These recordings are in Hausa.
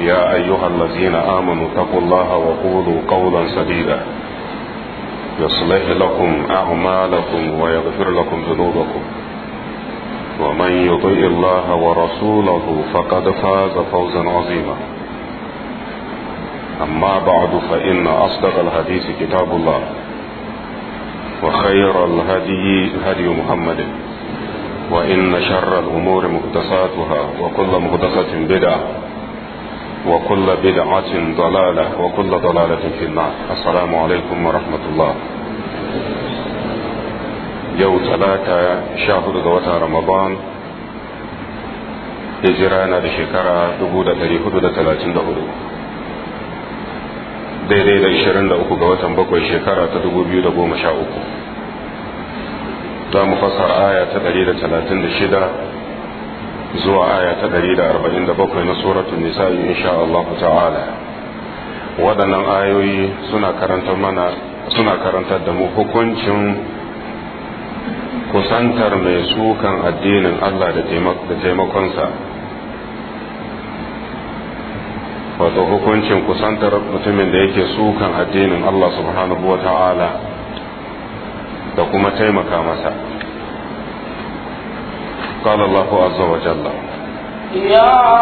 يا أيها الذين آمنوا اتقوا الله وقولوا قولا سديدا يصلح لكم أعمالكم ويغفر لكم ذنوبكم ومن يطيع الله ورسوله فقد فاز فوزا عظيما أما بعد فإن أصدق الحديث كتاب الله وخير الهدي هدي محمد وإن شر الأمور مقدساتها وكل مقدسة بدعة وكل بدعة ضلالة وكل ضلالة في النار السلام عليكم ورحمة الله يوم ثلاثة شهر دوات رمضان هجرانا لشكرة دبودة لحدودة ثلاثين دهولو daidai da 23 ga watan bakwai shekara ta 2013 za mu fassara aya ta 136 zuwa aya ta 147 na suratun nisa insha Allah ta'ala waɗannan ayoyi suna karanta mana suna karantar da mu hukuncin kusantar mai sukan addinin Allah da taimakonsa wato hukuncin kusantar mutumin da yake sukan addinin Allah subhanahu wa ta'ala da kuma taimaka masa قال الله عز وجل يا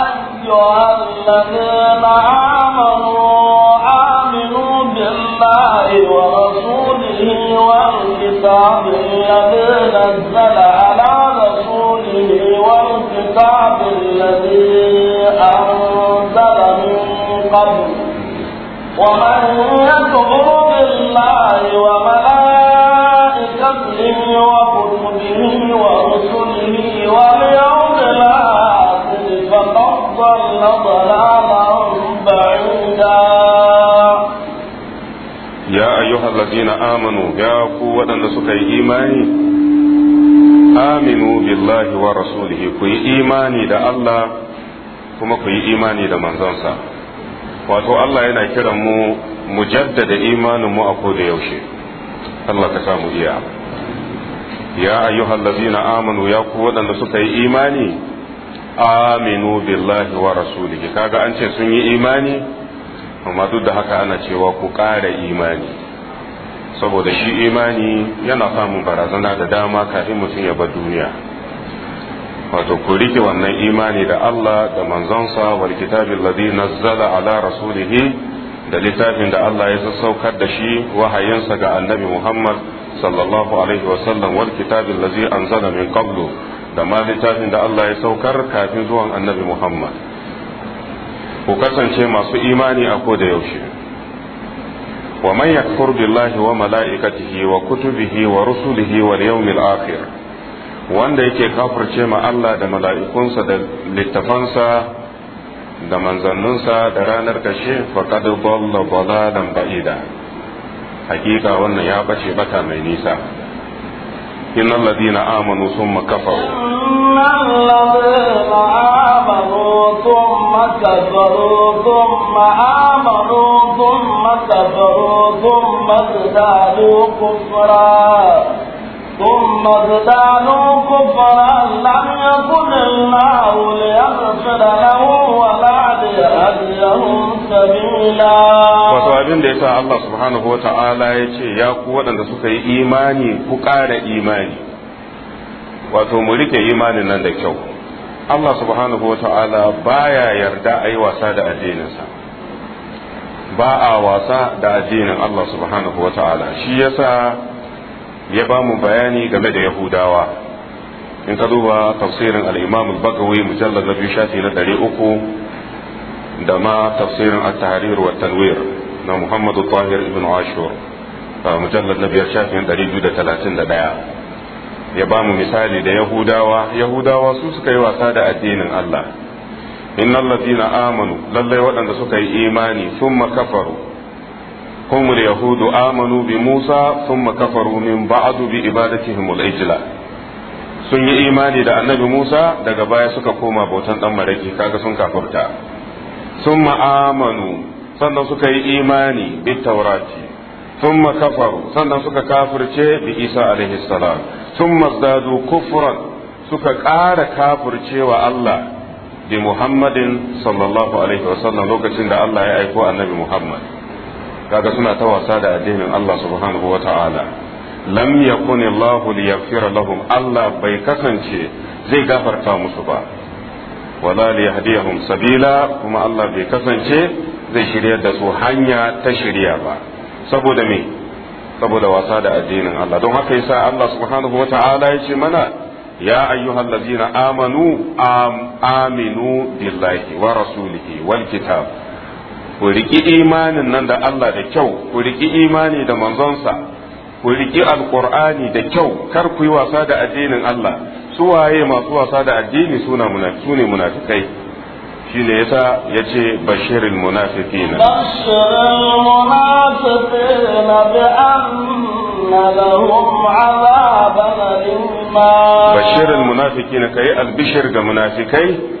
أيها الذين آمنوا آمنوا بالله ورسوله والكتاب الذي نزل على رسوله والكتاب الذي أنزل من قبل ومن يكفر بالله وملائكته وكتبه واليوم الآخر فقد ضل ضلالا بعيدا يا أيها الذين آمنوا يا قوة سكي إيماني آمنوا بالله ورسوله كي إيماني دا الله kuma ku yi imani da manzonsa wato Allah yana kiran mu mu jaddada imanin mu a koda yaushe Allah ka samu iya ya ayyuhal ladzina amanu ya ku waɗanda suka yi imani aminu billahi wa rasulihi kaga an ce sun yi imani amma duk da haka ana cewa ku imani saboda shi imani yana samun barazana da dama kafin mutum ya bar duniya wato ku rike wannan imani da Allah da manzonsa wal kitabil ladhi nazzala ala rasulihi da littafin da Allah ya sassaukar da shi wahayinsa ga annabi Muhammad sallallahu alaihi wasallam wal kitabin lazi anzala min qablu da ma littafin da Allah ya saukar kafin zuwan annabi Muhammad ku kasance masu imani a ko da yaushe wa man yakfur billahi wa mala'ikatihi wa kutubihi wa rusulihi wal yawmil akhir wanda yake kafirce ma Allah da mala'ikunsa da littafansa da manzanninsa da ranar kashe faqad dhalla dhalalan ba'ida حقيقة وانا يا بشي bata من نيسا إن الذين آمنوا ثم كفروا إن الذين آمنوا ثم كفروا ثم آمنوا ثم كفروا ثم ازدادوا كفرا ثم ابتالوا كفرا لم يكن الله ليغفر له ولا ليهديهم سبيلا wato abin da ya sa Allah subhanahu wa ta'ala ya ce ya ku waɗanda suka yi imani ku ƙara imani wato mu rike imanin nan da kyau Allah subhanahu wa ta'ala baya yarda a yi wasa da addininsa ba a wasa da addinin Allah subhanahu wa ta'ala shi sa. ya ba mu bayani game da yahudawa in ka duba tafsirin al-imam al-bagawi mujallad na biyu shafi na ɗari uku da ma tafsirin at-tahrir wa tanwir na muhammad tahir ibn ashur mujallad na biyar shafi na ɗari biyu da talatin da ɗaya ya ba mu misali da yahudawa yahudawa su suka yi wasa da addinin allah innal ladina amanu lallai waɗanda suka yi imani sun kafaru هم اليهود آمنوا بموسى ثم كفروا من بعد بإبادتهم العجلة sun yi imani da annabi Musa daga baya suka koma bautan dan maraki kaga sun kafurta sun amanu sannan suka yi imani bi taurati sun kafaru sannan suka kafirce bi Isa alaihi salam sun mazdadu kufran suka ƙara kafircewa Allah bi Muhammadin sallallahu alaihi wasallam lokacin da Allah ya aiko annabi Muhammad kaga suna ta wasa da addinin Allah subhanahu wa ta'ala lam yakun Allah liyaghfira lahum Allah bai kasance zai gafarta musu ba wala liyahdihum sabila kuma Allah bai kasance zai shirya da su hanya ta shirya ba saboda me saboda wasa da addinin Allah don haka yasa Allah subhanahu wa ta'ala ya ce mana يا أيها الذين آمنوا آم آمنوا بالله ورسوله ku riki imanin nan da Allah da kyau ku riki imani da manzonsa ku riki alqur'ani da kyau kar ku yi wasa da addinin Allah su waye masu wasa da addini suna ne munafikai shine yasa yace bashirul munafiqina bashirul munafiqina bi anna lahum azaban imma bashirul munafiqina kai albishir ga munafikai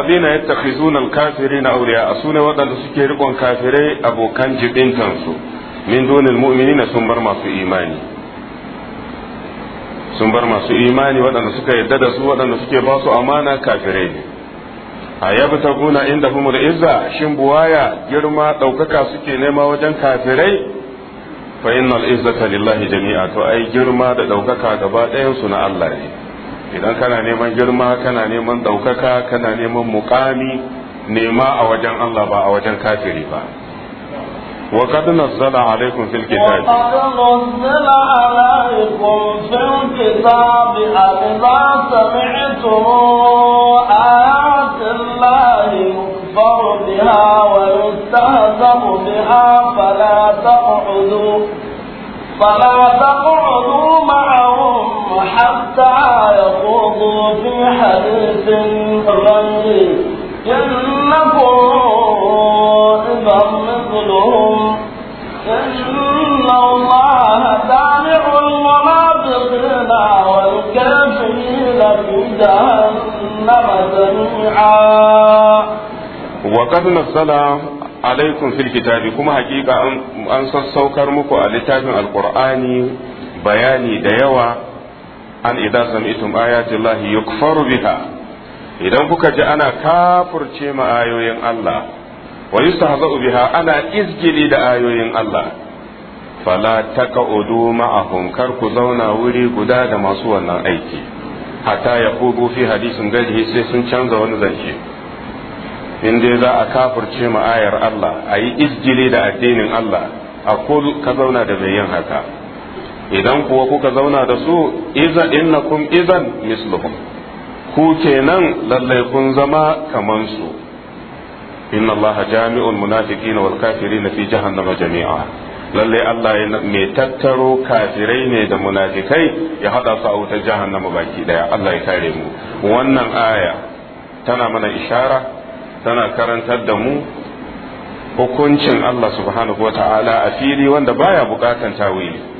allazina yattakhizuna alkafirina awliya asune wadanda suke rikon kafirai abokan jibintan su min dunil mu'minina sun bar masu imani sun bar masu imani waɗanda suka yarda da su waɗanda suke ba su amana kafirai ne a yabi ta guna inda humul izza shin buwaya girma ɗaukaka suke nema wajen kafirai fa innal izzata lillahi jami'a to ai girma da ɗaukaka gaba ɗayan su na Allah ne idan kana neman girma kana neman ɗaukaka kana neman muƙami nema a wajen Allah ba a wajen kafiri ba وقد نزل عليكم في الكتاب وقد نزل عليكم في الكتاب سمعتم آيات الله يكفر بها بها فلا تقعدوا فلا تقعدوا حتى يخوضوا في حديث غيره إنكم إذا مثلهم إن الله تابع المنافقين والكافرين في جهنم جميعا وقد نزل عليكم في الكتاب كما hakika an sassaukar muku a littafin بياني bayani an idan sami'tum ayati Allah yukfaru biha idan kuka ji ana kafurce ma ayoyin Allah wa yustahza'u biha ana izgili da ayoyin Allah fala taq'udu ma'ahum kar ku zauna wuri guda da masu wannan aiki hatta kubu fi hadisin gaji sai sun canza wani zance in dai za a kafurce ma ayar Allah ayi izgili da addinin Allah a ka zauna da mai yin haka idan kuwa kuka zauna da su iza innakum idan misluhum ku kenan lallai kun zama kaman su inna Allah jami'ul munafiqin wal kafirin fi jahannama jami'a lallai Allah ya mai tattaro kafirai ne da munafikai ya hada su a wutar jahannama baki daya Allah ya kare mu wannan aya tana mana ishara tana karantar da mu hukuncin Allah subhanahu wa ta'ala a fili wanda baya bukatan tawili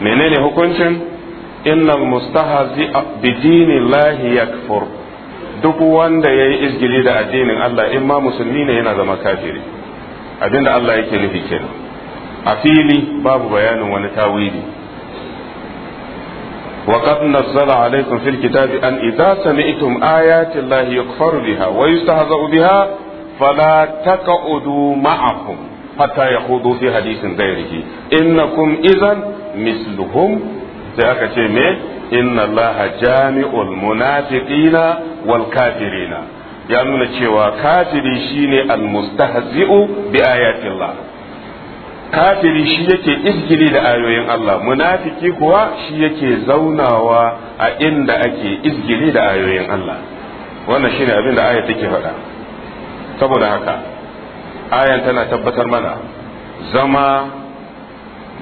menene hukuncin Inna mustahazi bi dini duk wanda yayi izgili da addinin Allah in ma musulmi ne yana zama kafiri abinda Allah yake nufi kenan a fili babu bayanin wani tawili wa qad nazzala alaykum fil kitabi an idza sami'tum ayati llahi yukfaru biha wa yustahza'u biha fala taq'udu ma'ahum hatta yakhudhu fi hadithin ghayrihi innakum izan. misluhum sai aka ce me inna allaha jami'ul munafiqina wal kafirina ya nuna cewa kafiri shine al mustahzi'u kafiri shi yake izgili da ayoyin Allah munafiki kuwa shi yake zaunawa a inda ake izgili da ayoyin Allah wannan shine abin da aya take faɗa saboda haka ayan tana tabbatar mana zama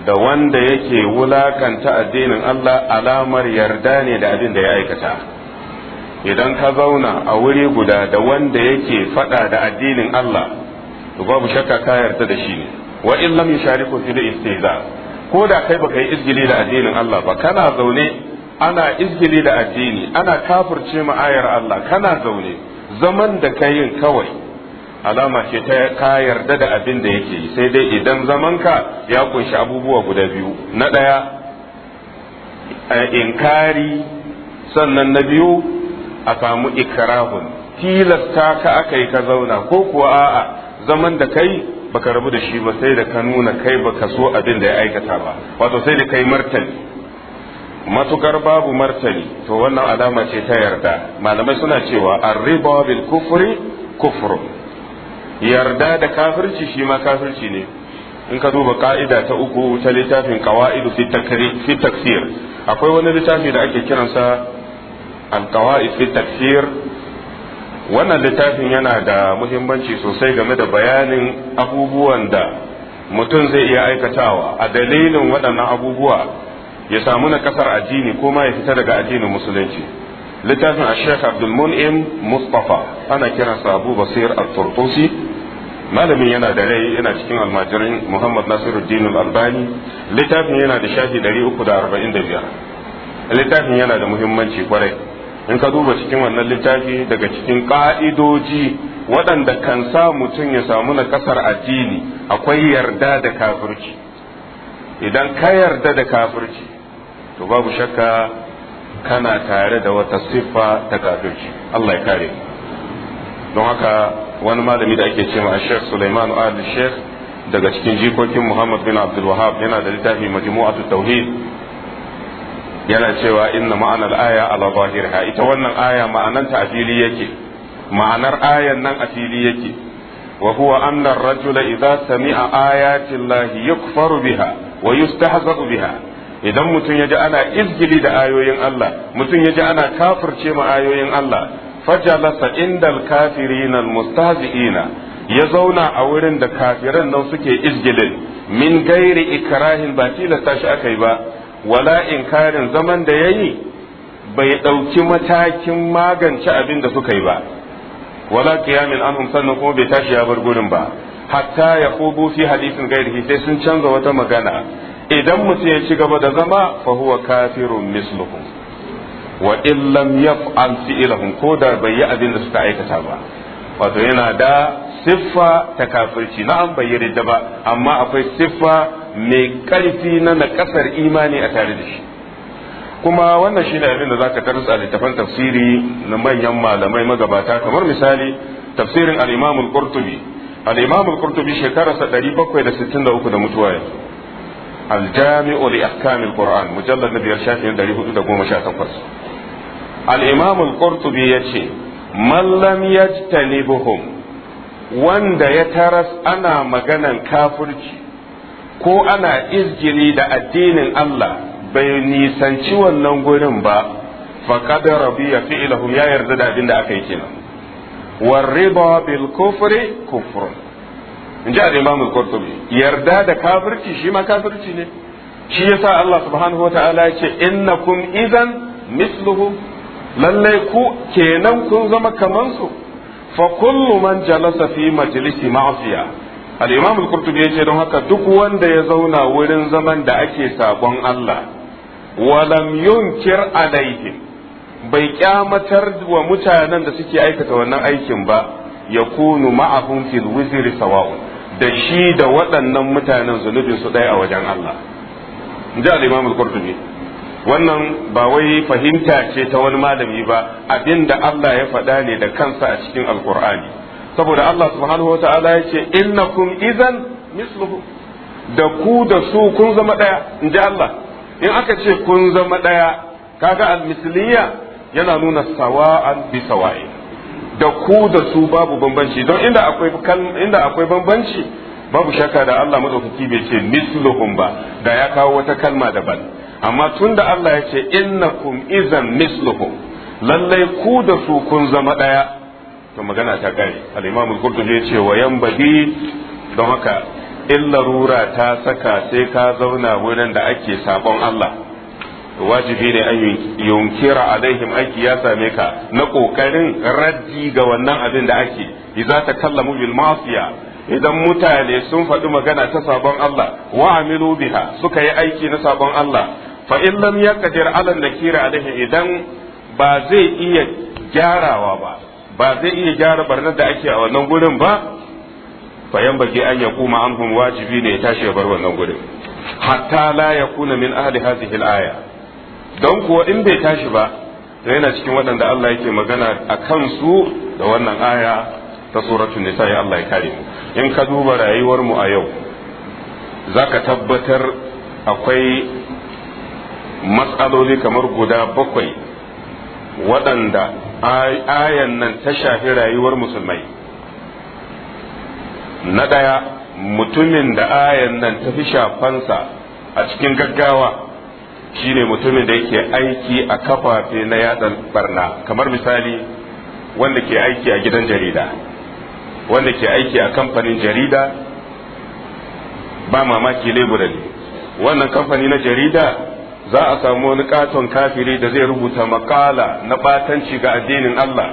da wanda yake wulakanta addinin Allah alamar yarda ne da abin da ya aikata idan ka zauna a wuri guda da wanda yake fada da addinin Allah to babu shakka ka yarda da shi ne wa in lam yushariku fi istihza ko da kai baka yi izgili da addinin Allah ba kana zaune ana izgili da addini ana kafirce ma ayar Allah kana zaune zaman da kayin kawai alama ce ta ka yarda da abin da yake sai dai idan zamanka ya kunshi abubuwa guda biyu na ɗaya inkari sannan na biyu a samu ikrahun tilasta ka aka yi ka zauna ko kuwa a'a zaman da kai baka rabu da shi ba sai da ka nuna kai baka so abin da ya aikata ba wato sai da kai martani matukar babu martani to wannan alama ce ta yarda malamai suna cewa arriba bil kufri kufrun yarda da kafirci shi ma kafirci ne in ka duba ka'ida ta uku ta littafin qawaidu fi taksir akwai wani littafi da ake kiransa al-qawaid fi taksir wannan littafin yana da muhimmanci sosai game da bayanin abubuwan da mutum zai iya aikatawa a dalilin waɗannan abubuwa ya samu na kasar addini ko ma ya fita daga addinin musulunci littafin Abdul abdulmun'im mustafa ana kiransa abu basir al-turtusi malamin yana da rai yana cikin almajirin muhammad nasiruddin al-albani littafin yana da shafi 345 littafin yana da muhimmanci kwarai in ka duba cikin wannan littafi daga cikin ka'idoji waɗanda kan sa mutum ya samu na ƙasar addini akwai yarda da kafirci idan ka yarda da kafirci to babu shakka kana tare da wata siffa ta kafirci Allah ya kare don haka wani malami da ake ce ma Sheikh Sulaiman Ali Sheikh daga cikin jikokin Muhammad bin Abdul yana da littafi Majmu'atu Tauhid yana cewa inna ma'anar aya ala zahirha ita wannan aya ma'ananta a fili yake ma'anar ayan nan a fili yake wa huwa anna ar-rajula idza sami'a ayati llahi yukfaru biha wa yustahzaru biha idan mutum ya ji ana izgili da ayoyin Allah mutum ya ji ana kafirce ma ayoyin Allah fajalasa indal kafirina almustahzi'ina ya zauna a wurin da kafiran nan suke izgilin min gairi ikrahin ba tilasta shi aka yi ba wala inkarin zaman da yayi bai ɗauki matakin magance abin da suka yi ba wala qiyamin anhum sannan kuma bai tashi ya bar gurin ba hatta ya fi hadisin gairi sai sun canza wata magana idan mutum ya ci gaba da zama fa huwa kafirun misluhum wa in lam yaf'al fi'lahum ko da bai yi abin da suka aikata ba wato yana da siffa ta kafirci na'am bai da ba amma akwai siffa mai karfi na nakasar imani a tare da shi kuma wannan shine abin da zaka a littafin tafsiri na manyan malamai magabata kamar misali tafsirin al-Imam al-Qurtubi al-Imam al-Qurtubi shekararsa 763 da mutuwa yanzu aljami'u li ahkamil qur'an mujallad na biyar shafin dari hudu da goma sha takwas al-imam al-qurtubi Mallam man lam yajtanibuhum wanda ya taras ana maganan kafirci ko ana izgiri da addinin Allah bai nisanci wannan gurin ba faqad rabiya fi'lahum ya yarda da abin da aka yi kenan bil kufri كفر in ji al al-qurtubi yarda da kafirci shi ma kafirci ne shi yasa Allah subhanahu wataala ya ce innakum idan misluhu lallai ku kenan kun zama kaman su fa kullu man jalasa fi majlisi ma'siya al-imam al-qurtubi ya don haka duk wanda ya zauna wurin zaman da ake sabon Allah walam yunkir alayhi bai kyamatar wa mutanen da suke aikata wannan aikin ba ya kunu ma'ahum fil wizri sawa'un da shi da waɗannan mutanen zunubin su ɗaya a wajen Allah ji al-imam al-qurtubi wannan ba wai fahimta ce ta wani malami ba abin da Allah ya faɗa ne da kansa a cikin alkur'ani saboda Allah subhanahu wa ta'ala ya ce innakum idan misluhu da ku da su kun zama ɗaya in ji Allah in aka ce kun zama ɗaya kaga al-misliya yana nuna sawa'an bi sawa'in da ku da su babu bambanci don inda akwai inda akwai bambanci babu shakka da Allah madaukaki bai ce mithluhum ba da ya kawo wata kalma daban amma tunda Allah ya ce innakum izan mithluhum lallai ku da su kun zama daya to magana ta kare al-Imam al-Qurtubi ya ce wa don haka illa rura ta saka sai ka zauna wurin da ake sabon Allah wajibi ne an yunkira alaihim aiki ya same ka na kokarin raddi ga wannan abin da ake ta kallamu bil mafiya. idan mutane sun faɗi magana ta sabon Allah wa amilu biha suka yi aiki na sabon Allah fa in lam yaqdir ala nakira alaihi idan ba zai iya gyarawa ba ba zai iya gyara barnar da ake a wannan gurin ba fa yanbaghi an yaquma anhum wajibi ne ya tashi ya bar wannan gurin hatta la yakuna min ahli hadhihi al-aya don kuwa in bai tashi ba da yana cikin waɗanda Allah yake magana a kansu da wannan aya ta suratun nisa ya Allah ya kare mu in ka duba rayuwar mu a yau za ka tabbatar akwai matsaloli kamar guda bakwai waɗanda ayan nan ta shafi rayuwar musulmai na ɗaya mutumin da ayan nan ta fi shafansa a cikin gaggawa shine mutumin da yake aiki a kafafe na yada barna kamar misali wanda ke aiki a gidan jarida wanda ke aiki a kamfanin jarida ba mamaki lebura ne wannan kamfani na jarida za a samu wani katon kafiri da zai rubuta makala na batanci ga addinin Allah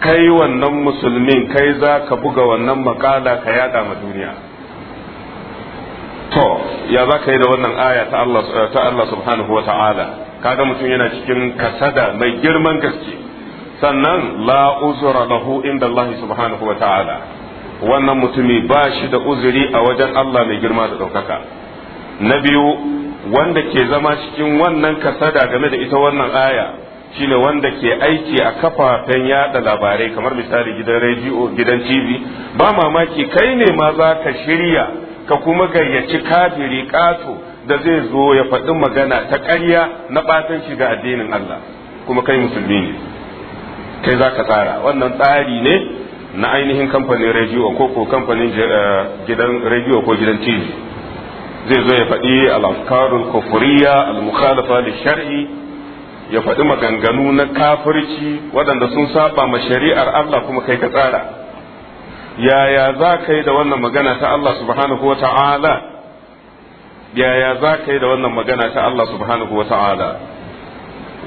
kai wannan musulmin kai za ka buga wannan makala ka yada ma duniya to ya za ka yi da wannan aya ta Allah subhanahu wa ta'ala kaga mutum yana cikin kasada mai girman gaske sannan la uzura lahu inda Allah subhanahu wa ta'ala wannan mutumi ba shi da uzuri a wajen Allah mai girma da ɗaukaka na biyu wanda ke zama cikin wannan kasada game da ita wannan aya shine wanda ke aiki a kafafen yada labarai kamar misali gidan rediyo gidan tv ba mamaki kai ne ma za ka shirya ka kuma gayyaci kafiri ƙato da zai zo ya faɗi magana ta ƙarya na ɓatan shiga addinin Allah kuma kai musulmi ne kai za ka tsara wannan tsari ne na ainihin kamfanin rediyo ko ko kamfanin eh, gidan rediyo ko gidan tv zai zo ya faɗi al kufuriya al-mukhalafa shar'i ya faɗi maganganu na kafirci waɗanda sun saba ma shari'ar Allah kuma kai ka tsara yaya za ka yi da wannan magana ta Allah subhanahu wa ta'ala yaya za ka yi da wannan magana ta Allah subhanahu wa ta'ala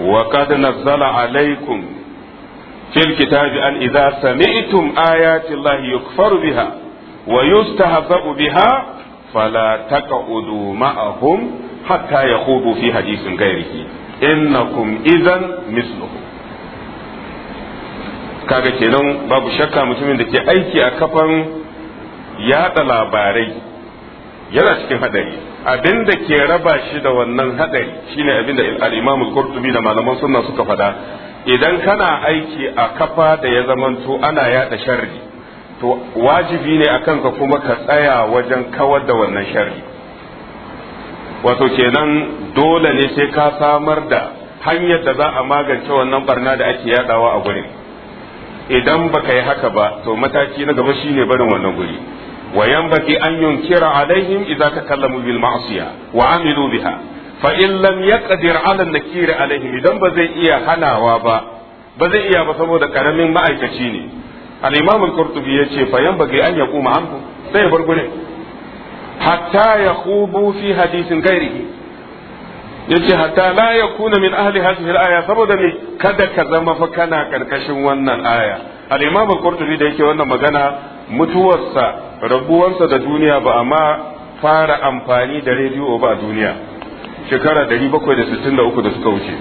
wa qad nazzala alaykum fil kitabi an idza sami'tum ayati Allah yukfaru biha wa yustahza'u biha fala taq'udu ma'ahum hatta yaqudu fi hadithin ghairihi innakum idan misluhum kaga kenan babu shakka mutumin da ke aiki a kafan yada labarai yana cikin hadari abin da ke raba shi da wannan hadari shine abin da al-imam al-qurtubi da malaman sunna suka fada idan kana aiki a kafa da ya zamanto ana yada sharri to wajibi ne akan kanka kuma ka tsaya wajen kawar da wannan sharri wato kenan dole ne sai ka samar da hanyar da za a magance wannan barna da ake yadawa a gurin idan baka yi haka ba to mataki na gaba shine barin wannan guri wa yan yanbaghi an yunkira alaihim idza takallamu bil ma'siya wa amilu biha fa in lam yaqdir ala nakira alaihim idan ba zai iya hanawa ba ba zai iya ba saboda karamin ma'aikaci ne al-imam al-qurtubi yace fa yanbaghi an yaquma hanku? sai ya bar gure hatta yakhubu fi hadithin ghairihi yace hatta la yakuna min ahli hadhihi al-aya saboda me kada ka zama fa kana karkashin wannan aya al-imam al-qurtubi da yake wannan magana mutuwarsa rabuwarsa da duniya ba amma fara amfani da rediyo ba a duniya shekara 763 da suka wuce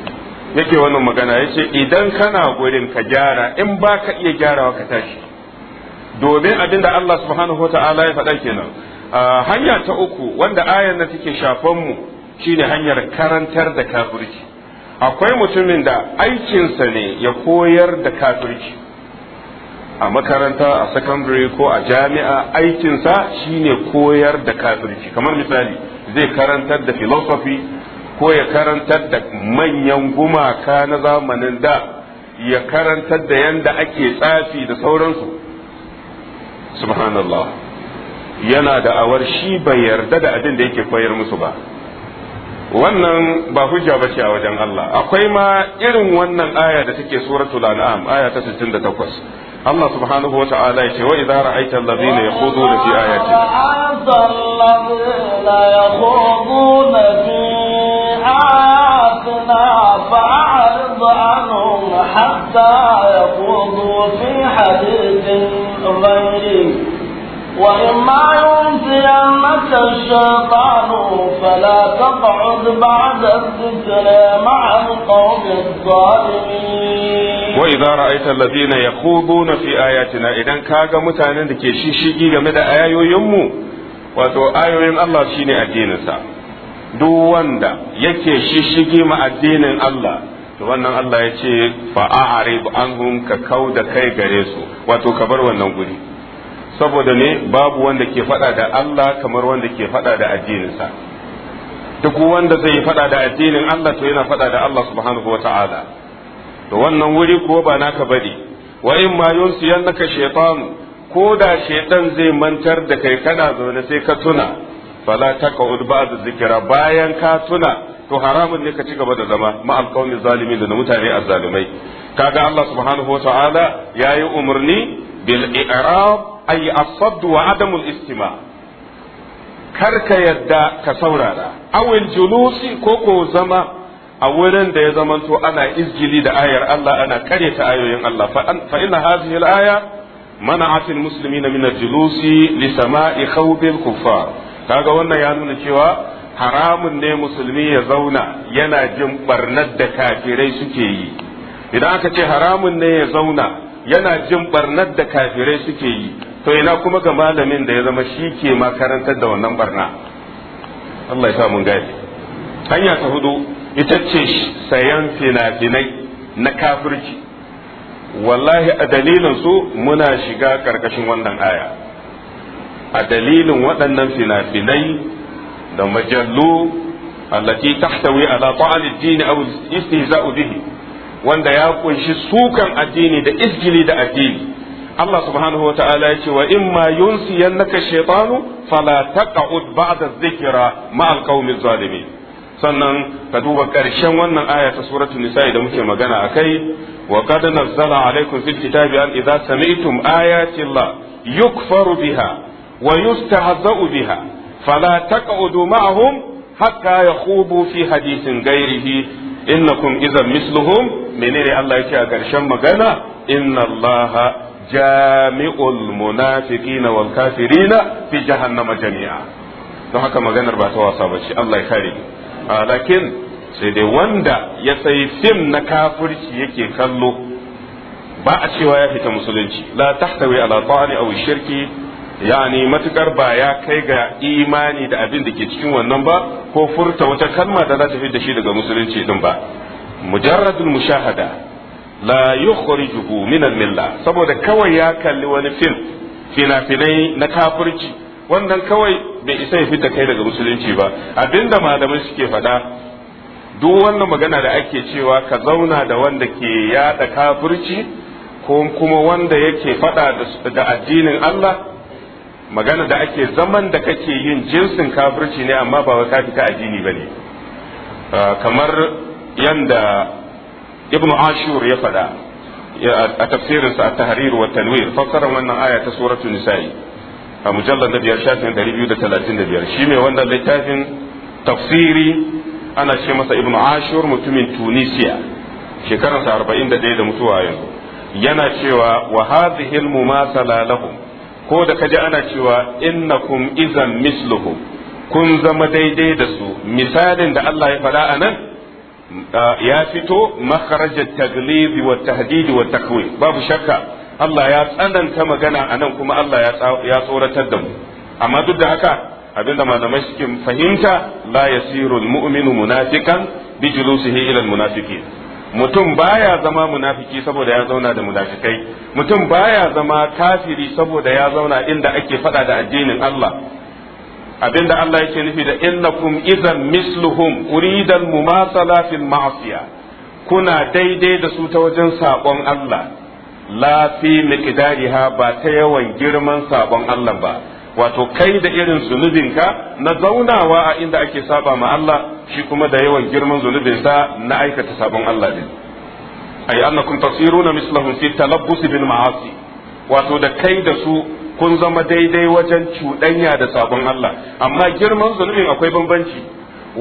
yake wannan magana yace idan kana gurin ka gyara in ba ka iya gyarawa ka tashi domin abinda da Allah subhanahu wa ta'ala ya faɗa kenan ah, hanya ta uku wanda ayan na take shafan mu shine hanyar karantar da kafirci akwai mutumin da aikinsa ne ya koyar da kafirci a makaranta a secondary ko a jami'a aikinsa shine koyar da kafirci kamar misali zai karantar da philosophy ko ya karantar da manyan gumaka na zamanin da ya karantar da yanda ake tsafi da sauransu subhanallah yana da awar shi bai yarda da abin da yake koyar musu ba wannan ba hujja ba ce a wajen Allah akwai ma irin wannan aya da take suratul an'am aya ta 68 الله سبحانه وتعالى وإذا رأيت الذين يخوضون في آياتنا الذين يخوضون في آياتنا فأعرض عنهم حتى يخوضوا في حديث غيره وإما ينسينك الشيطان فلا تقعد بعد الذكر مع القوم الظالمين وإذا رأيت الذين يخوضون في آياتنا إذا كاغا متانا دكي شيشيكي game da ayoyinmu wato ayoyin Allah shine addininsa duk wanda yake shishigi ma addinin Allah to wannan Allah ya ce fa'arib anhum ka kau da kai gare su wato ka bar wannan guri saboda ne babu wanda ke fada da Allah kamar wanda ke fada da addininsa duk wanda zai fada da addinin Allah to yana fada da Allah subhanahu wa to wannan wuri ko ba naka bari. wa in ma yunsiyannaka shaytan ko da shaytan zai mantar da kai kana zaune sai ka tuna fala taqud ba'd zikra bayan ka tuna to haramun ne ka ci gaba da zama ma alqawmi zalimin da mutane azzalimai kaga Allah subhanahu wa ta'ala yayi umarni bil i'rab ay as-sadd wa adam al-istima karka yadda ka saurara awil julusi ko ko zama a wurin da ya zamanto ana izgili da ayar Allah a kare ta ayoyin Allah fa inna hadhihi al-aya mana'at al-muslimina min al-julusi li sama'i khawbil kuffar kaga wannan ya nuna cewa haramun ne musulmi ya zauna yana jin ɓarnar da kafirai suke yi idan aka ce haramun ne ya zauna yana jin barnar da kafirai suke yi to ina kuma ga malamin da ya zama shi ke makarantar da wannan barna Allah ya sa mun gane hanya ta hudu ita ce sayan fina-finai na kafirci wallahi a dalilin su muna shiga karkashin wannan aya a dalilin waɗannan fina-finai da majallu allati tahtawi ala ta'alid dini aw istihza'u bihi wanda ya kunshi sukan addini da izgili da addini Allah subhanahu wata'ala ya ce wa imma yunsiyannaka shaytanu fala taq'ud ba'da dhikra ma'al qaumi zalimin sannan ka duba ƙarshen wannan aya ta suratul nisa'i da muke magana akai wa qad nazzala alaykum fil kitabi an idza sami'tum ayati Allah yukfaru biha wa yustahza'u biha fala taq'udu ma'ahum hatta yakhubu fi hadithin ghairihi innakum izan misluhum menene Allah yake a ƙarshen magana inna Allah jami'ul munafiqina wal kafirina fi jahannama jami'a don haka maganar ba ta wasa ba ce Allah ya kare lakin sai dai wanda ya sai fim na kafirci yake kallo ba a cewa ya fita musulunci la tahtawi ala ta'ani aw shirki yani matukar ba ya kai ga imani da abin da ke cikin wannan ba ko furta wata kalma da za ta fi da shi daga musulunci din ba mujarradul mushahada la yukhrijuhu min al-milla saboda kawai ya kalli wani fil fina-finai na kafirci wannan kawai bai isa ya fita kai daga musulunci ba abinda malamai suke faɗa duk wannan magana da ake cewa ka zauna da wanda ke yada kafirci ko kuma wanda yake faɗa da addinin Allah magana da ake zaman da kake yin jinsin kafirci ne amma ba ka fita addini ne ah, kamar yanda ibnu ashur ya faɗa a tafsirinsa a tahrir wa tanwir fassara wannan aya ta suratul nisa'i a mujallar da biyar shafin ɗari biyu da talatin da biyar shi mai wannan littafin tafsiri ana ce masa ibn ashur mutumin tunisiya shekararsa arba'in da ɗaya da mutuwa yanzu yana cewa wa hadhihi al-mumasala lahum ko da kaji ana cewa innakum izan misluhu kun zama daidai da su misalin da Allah ya faɗa a nan ya fito makarajar taglizi wa tahdidi wa takwi babu shakka Allah ya tsananta magana a nan kuma Allah ya tsoratar da mu amma duk da haka abinda malamai suke fahimta la yasiru mu'minu munafiqan bi julusihi ila mutum baya zama munafiki saboda ya zauna da munafikai mutum baya zama kafiri saboda ya zauna inda ake fada da addinin Allah abinda Allah yake nufi da innakum idan misluhum uridan mumasala fil ma'siya kuna daidai da su ta wajen sakon Allah la fi miqdariha ba ta yawan girman sakon Allah ba wato kai da irin zunubinka na zaunawa a inda ake saba ma Allah shi kuma da yawan girman zunubinsa na aikata sabon Allah din ay annakum tasiruna mislahum fi talabbus bil ma'asi wato da kai da su kun zama daidai wajen cuɗanya da sabon Allah amma girman zunubin akwai bambanci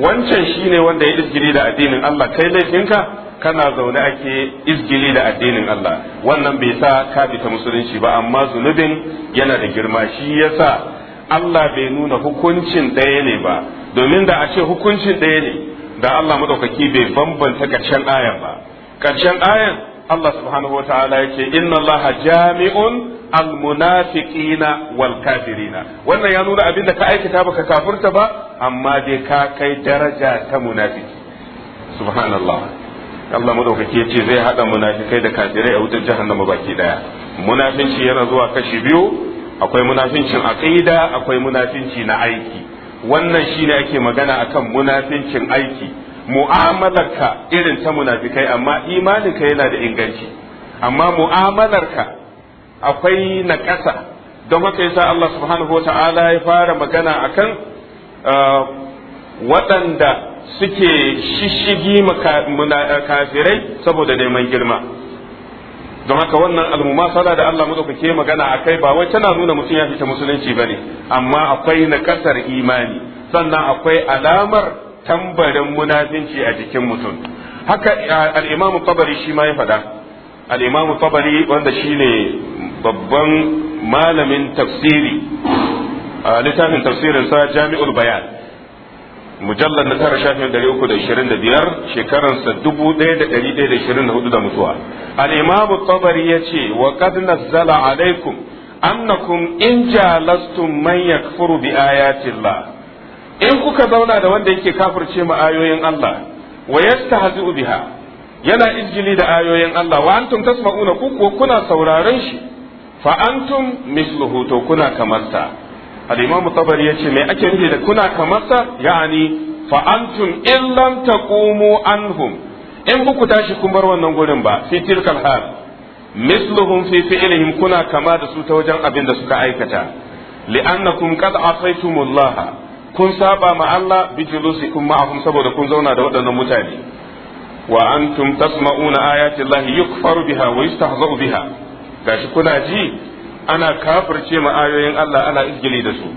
wancan shine wanda ya isgiri da addinin Allah kai laifinka kana zaune ake izgili da addinin Allah wannan bai sa ka fita musulunci ba amma zunubin yana da girma shi yasa Allah bai nuna hukuncin ɗaya ne ba domin da a ce hukuncin ɗaya ne da Allah madaukaki bai bambanta ƙarshen ayan ba ƙarshen ayan Allah subhanahu wa ta'ala ya inna Allah jami'un almunafiqina wal kafirina wannan ya nuna abinda ka aikata baka kafirta ba amma dai ka kai daraja ta munafiki subhanallah Allah madaukaki yace zai haɗa munafikai da kafirai a wutar jahannama baki daya munafinci yana zuwa kashi biyu akwai munafincin aqida akwai munafinci na aiki wannan shine ake magana akan munafincin aiki mu'amalarka irin ta munafikai amma ka yana da inganci amma mu'amalarka akwai na ƙasa don haka yasa Allah subhanahu wa ya fara magana akan uh, waɗanda suke shishigi eh, kafirai saboda neman girma don haka wannan almumasala da Allah madaukake magana a kai ba wai tana nuna mutum ya fita musulunci ba ne amma akwai na kasar imani sannan akwai alamar tambarin munafinci a jikin mutum haka eh, al'imamu tabari shi ma ya faɗa al'imamu tabari wanda shi ne babban malamin tafsiri eh, littafin tafsirinsa jami'ul bayan mujallar na tara shafin dari uku da ishirin da biyar shekaransa dubu ɗaya da ɗari ɗaya da ishirin da hudu da mutuwa al'imamu tabari ya ce wa qad nazzala alaikum annakum in jalastum man yakfuru bi ayatillah in kuka zauna da wanda yake kafirce ma ayoyin Allah wa yastahzi'u biha yana injili da ayoyin Allah wa antum tasma'una ku kuwa kuna sauraron shi fa antum misluhu to kuna kamar sa al-imamu tabari yace me ake nufi da kuna kamar sa yani fa antum in lam taqumu anhum in ku tashi kun bar wannan gurin ba fi tilkal hal misluhum fi fi'lihim kuna kama da su ta wajen abin da suka aikata li'annakum qad asaytumullaha kun saba ma Allah bi julusikum ma'ahum saboda kun zauna da waɗannan mutane wa antum tasma'una ayati Allah yukfaru biha wa yustahza'u biha gashi kuna ji ana kafirce ma ayoyin Allah ana izgili da su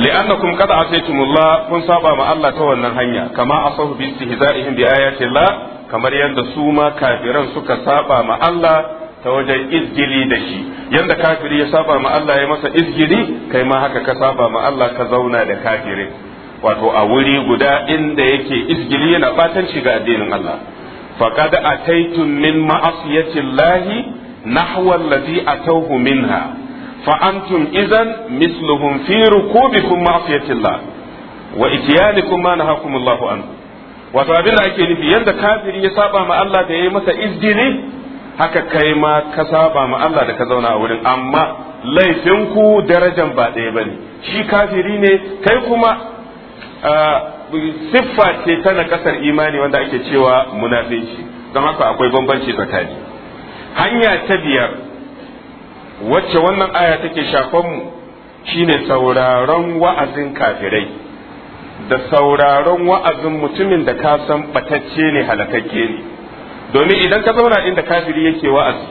li'annakum qad asaytumullah kun saba ma Allah ta wannan hanya kama asahu bi istihza'ihim bi ayati Allah kamar yadda su ma kafiran suka saba ma Allah ta wajen izgili da shi yanda kafiri ya saba ma Allah ya masa izgili kai ma haka ka saba ma Allah ka zauna da kafirin wato a wuri guda inda yake izgili yana batanci ga addinin Allah faqad ataytum min ma'asiyati Allah نحو الذي أتوه منها فأنتم إذا مثلهم في ركوبكم معصية الله وإتيانكم ما نهاكم الله عنه wato abin da ake nufi yadda kafiri ya saba ma Allah da ya yi masa izini, haka kai ma ka saba ma Allah da ka zauna a wurin amma laifinku darajan ba ɗaya bane shi kafiri ne kai kuma siffa ce ta na kasar imani wanda ake cewa munafici don haka akwai bambanci tsakani hanya ta biyar wacce wannan aya take shafanmu shine sauraron wa'azin kafirai da sauraron wa'azin mutumin da ka san batacce ne halakakke ne domin idan ka zauna inda kafiri yake wa'azi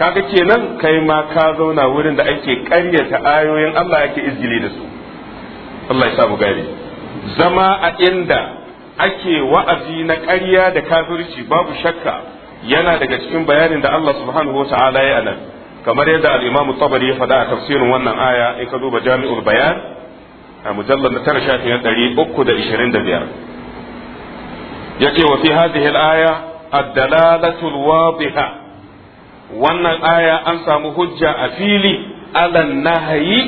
kaga kenan kai ma ka zauna wurin da ake ƙaryata ayoyin Allah yake izgili da su Allah ya samu gari zama a inda ake wa'azi na karya da kafirci babu shakka yana daga cikin bayanin da Allah subhanahu wa ta'ala ya kamar yadda al-Imam Tabari ya faɗa a tafsirin wannan aya in ka duba Jami'ul Bayan a mujallal na 9 yace wa fi hadhihi al-aya ad-dalalatu al wannan aya an samu hujja a fili ala nahyi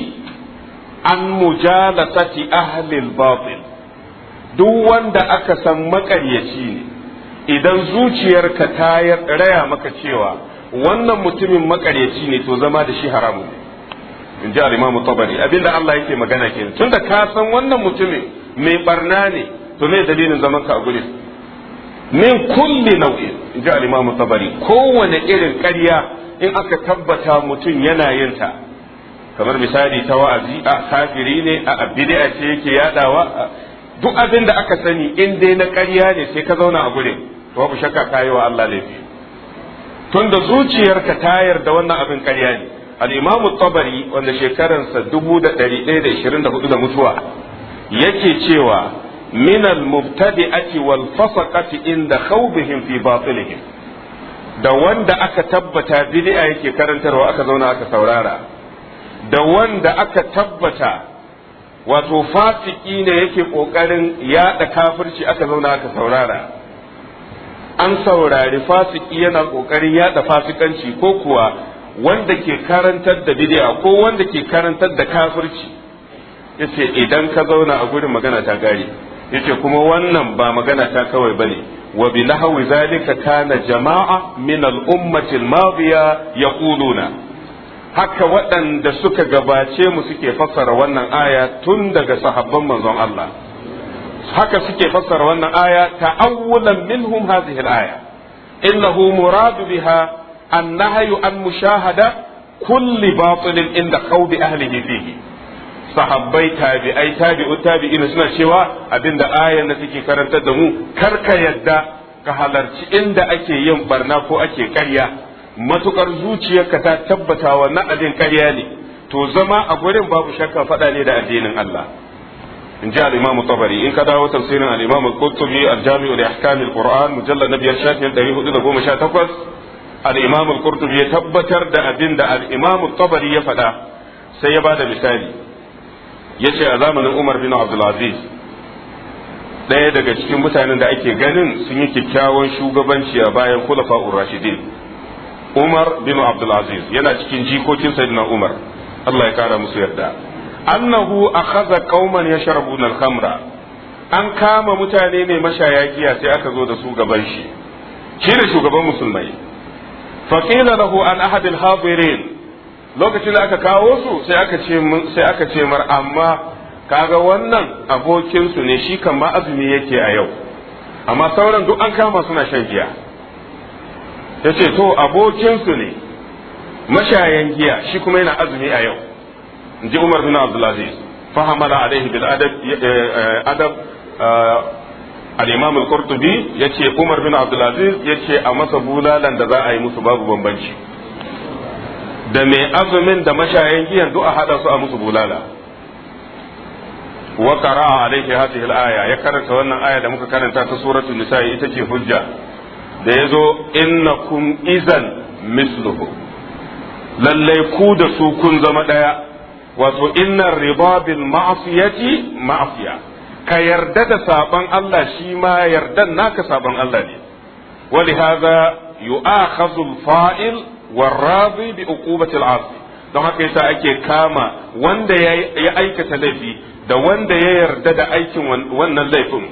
an mujalasati ahli al-batil duk wanda aka san maƙaryaci ne idan zuciyarka ta raya maka cewa wannan mutumin makaryaci ne to zama da shi haramun ne in ji al tabari abinda Allah yake magana ke tunda ka san wannan mutumin mai barna ne to me dalilin zaman ka a min kulli nau'i in ji al-imamu tabari kowane irin ƙarya in aka tabbata mutum yana yin ta kamar misali ta wa'azi a kafiri ne a bid'a ce yake yadawa duk abinda aka sani in dai na ƙarya ne sai ka zauna a gurin babu shakka yi wa Allah laifi da zuciyarka ta yarda wannan abin karya ne al-imamu tabari wanda shekaransa 1124 da mutuwa yake cewa minal al-mubtadi'ati wal fasaqati inda khawbihim fi batilihim da wanda aka tabbata bid'a yake karantarwa aka zauna aka saurara da wanda aka tabbata wato fasiki ne yake kokarin yada kafirci aka zauna aka saurara an saurari fasiki yana kokarin yada fasikanci ko kuwa wanda ke karantar da bid'a ko wanda ke karantar da kafirci yace idan ka zauna a gurin magana ta gari yace kuma wannan ba magana ta kawai bane wa bi nahwi zalika kana jama'a min al ummati al madiya yaquluna haka waɗanda suka gabace mu suke fassara wannan aya tun daga sahabban manzon Allah haka suke fassara wannan aya ta'awulan minhum hadhihi al-aya innahu muradu biha annahyu an mushahada kulli batilin inda qawbi ahlihi fihi sahabbai tabi'ai tabi'u tabi'in suna cewa abinda ayan da take karantar da mu karka yadda ka halarci inda ake yin barna ko ake ƙarya matukar zuciyarka ta tabbata wannan abin ƙarya ne to zama a gurin babu shakka faɗa ne da addinin Allah in ji al-imamu in ka dawo tafsirin al-imamu qurtubi al-jami'u li qur'an mujallad na biyar shafin 418 al-imamu al-qurtubi ya tabbatar da abin da al-imamu ya faɗa sai ya ba da misali yace a zamanin Umar bin Abdul Aziz ɗaya daga cikin mutanen da ake ganin sun yi kyakkyawan shugabanci a bayan khulafa'ur rashidin Umar bin Abdul yana cikin jikokin na Umar Allah ya kara musu yarda annahu akhadha qauman yashrabuna al-khamra an kama mutane ne mashaya giya sai aka zo da su gaban shi shi ne shugaban musulmai fa qila lahu an ahad al-hadirin lokacin da aka kawo su sai aka ce sai aka ce mar amma kaga wannan abokin su ne shi kan ma azumi yake a yau amma sauran duk an kama suna shan giya yace to abokin su ne mashayan giya shi kuma yana azumi a yau inji Umar bin Abdulaziz fahamala alaihi bil adab eh, eh, adab eh, al-Imam al-Qurtubi yace Umar bin Abdulaziz yace a masa bulalan da za a yi musu babu bambanci da mai azumin da mashayan giyan duk a hada su a musu bulala wa qara'a alaihi hadhihi al-aya ya karanta wannan aya da muka karanta ta suratul nisa ita ce hujja da yazo innakum izan misluhu lallai ku da su kun zama daya wato inna riba bil ma'siyati ma'siya ka yarda da saban Allah shi ma yardan naka saban Allah ne ولهذا يؤاخذ bi والراضي بعقوبة العاصي don haka yasa ake kama wanda ya aikata laifi da wanda ya yarda da aikin wannan laifin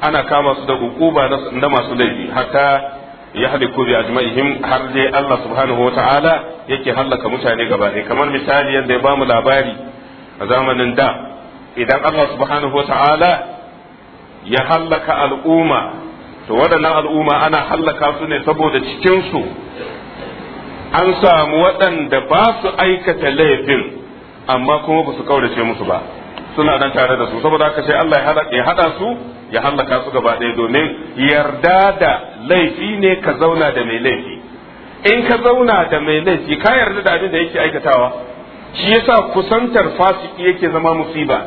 ana kama su da hukuma na masu laifi hatta ya haliku bi ajma'ihim har dai Allah subhanahu wa ta'ala yake hallaka mutane gaba ɗaya kamar misali yadda ya bamu labari a zamanin da idan Allah subhanahu wa ta'ala ya hallaka al'umma to waɗannan al'umma ana hallaka su ne saboda cikin su an samu waɗanda ba su aikata laifin amma kuma ba su kaurace musu ba suna nan tare da su saboda haka sai Allah ya haɗa su ya hallaka su gaba ɗaya domin yarda da laifi ne ka zauna da mai laifi in ka zauna da mai laifi ka yarda da abin da yake aikatawa shi yasa kusantar fasiki yake zama musiba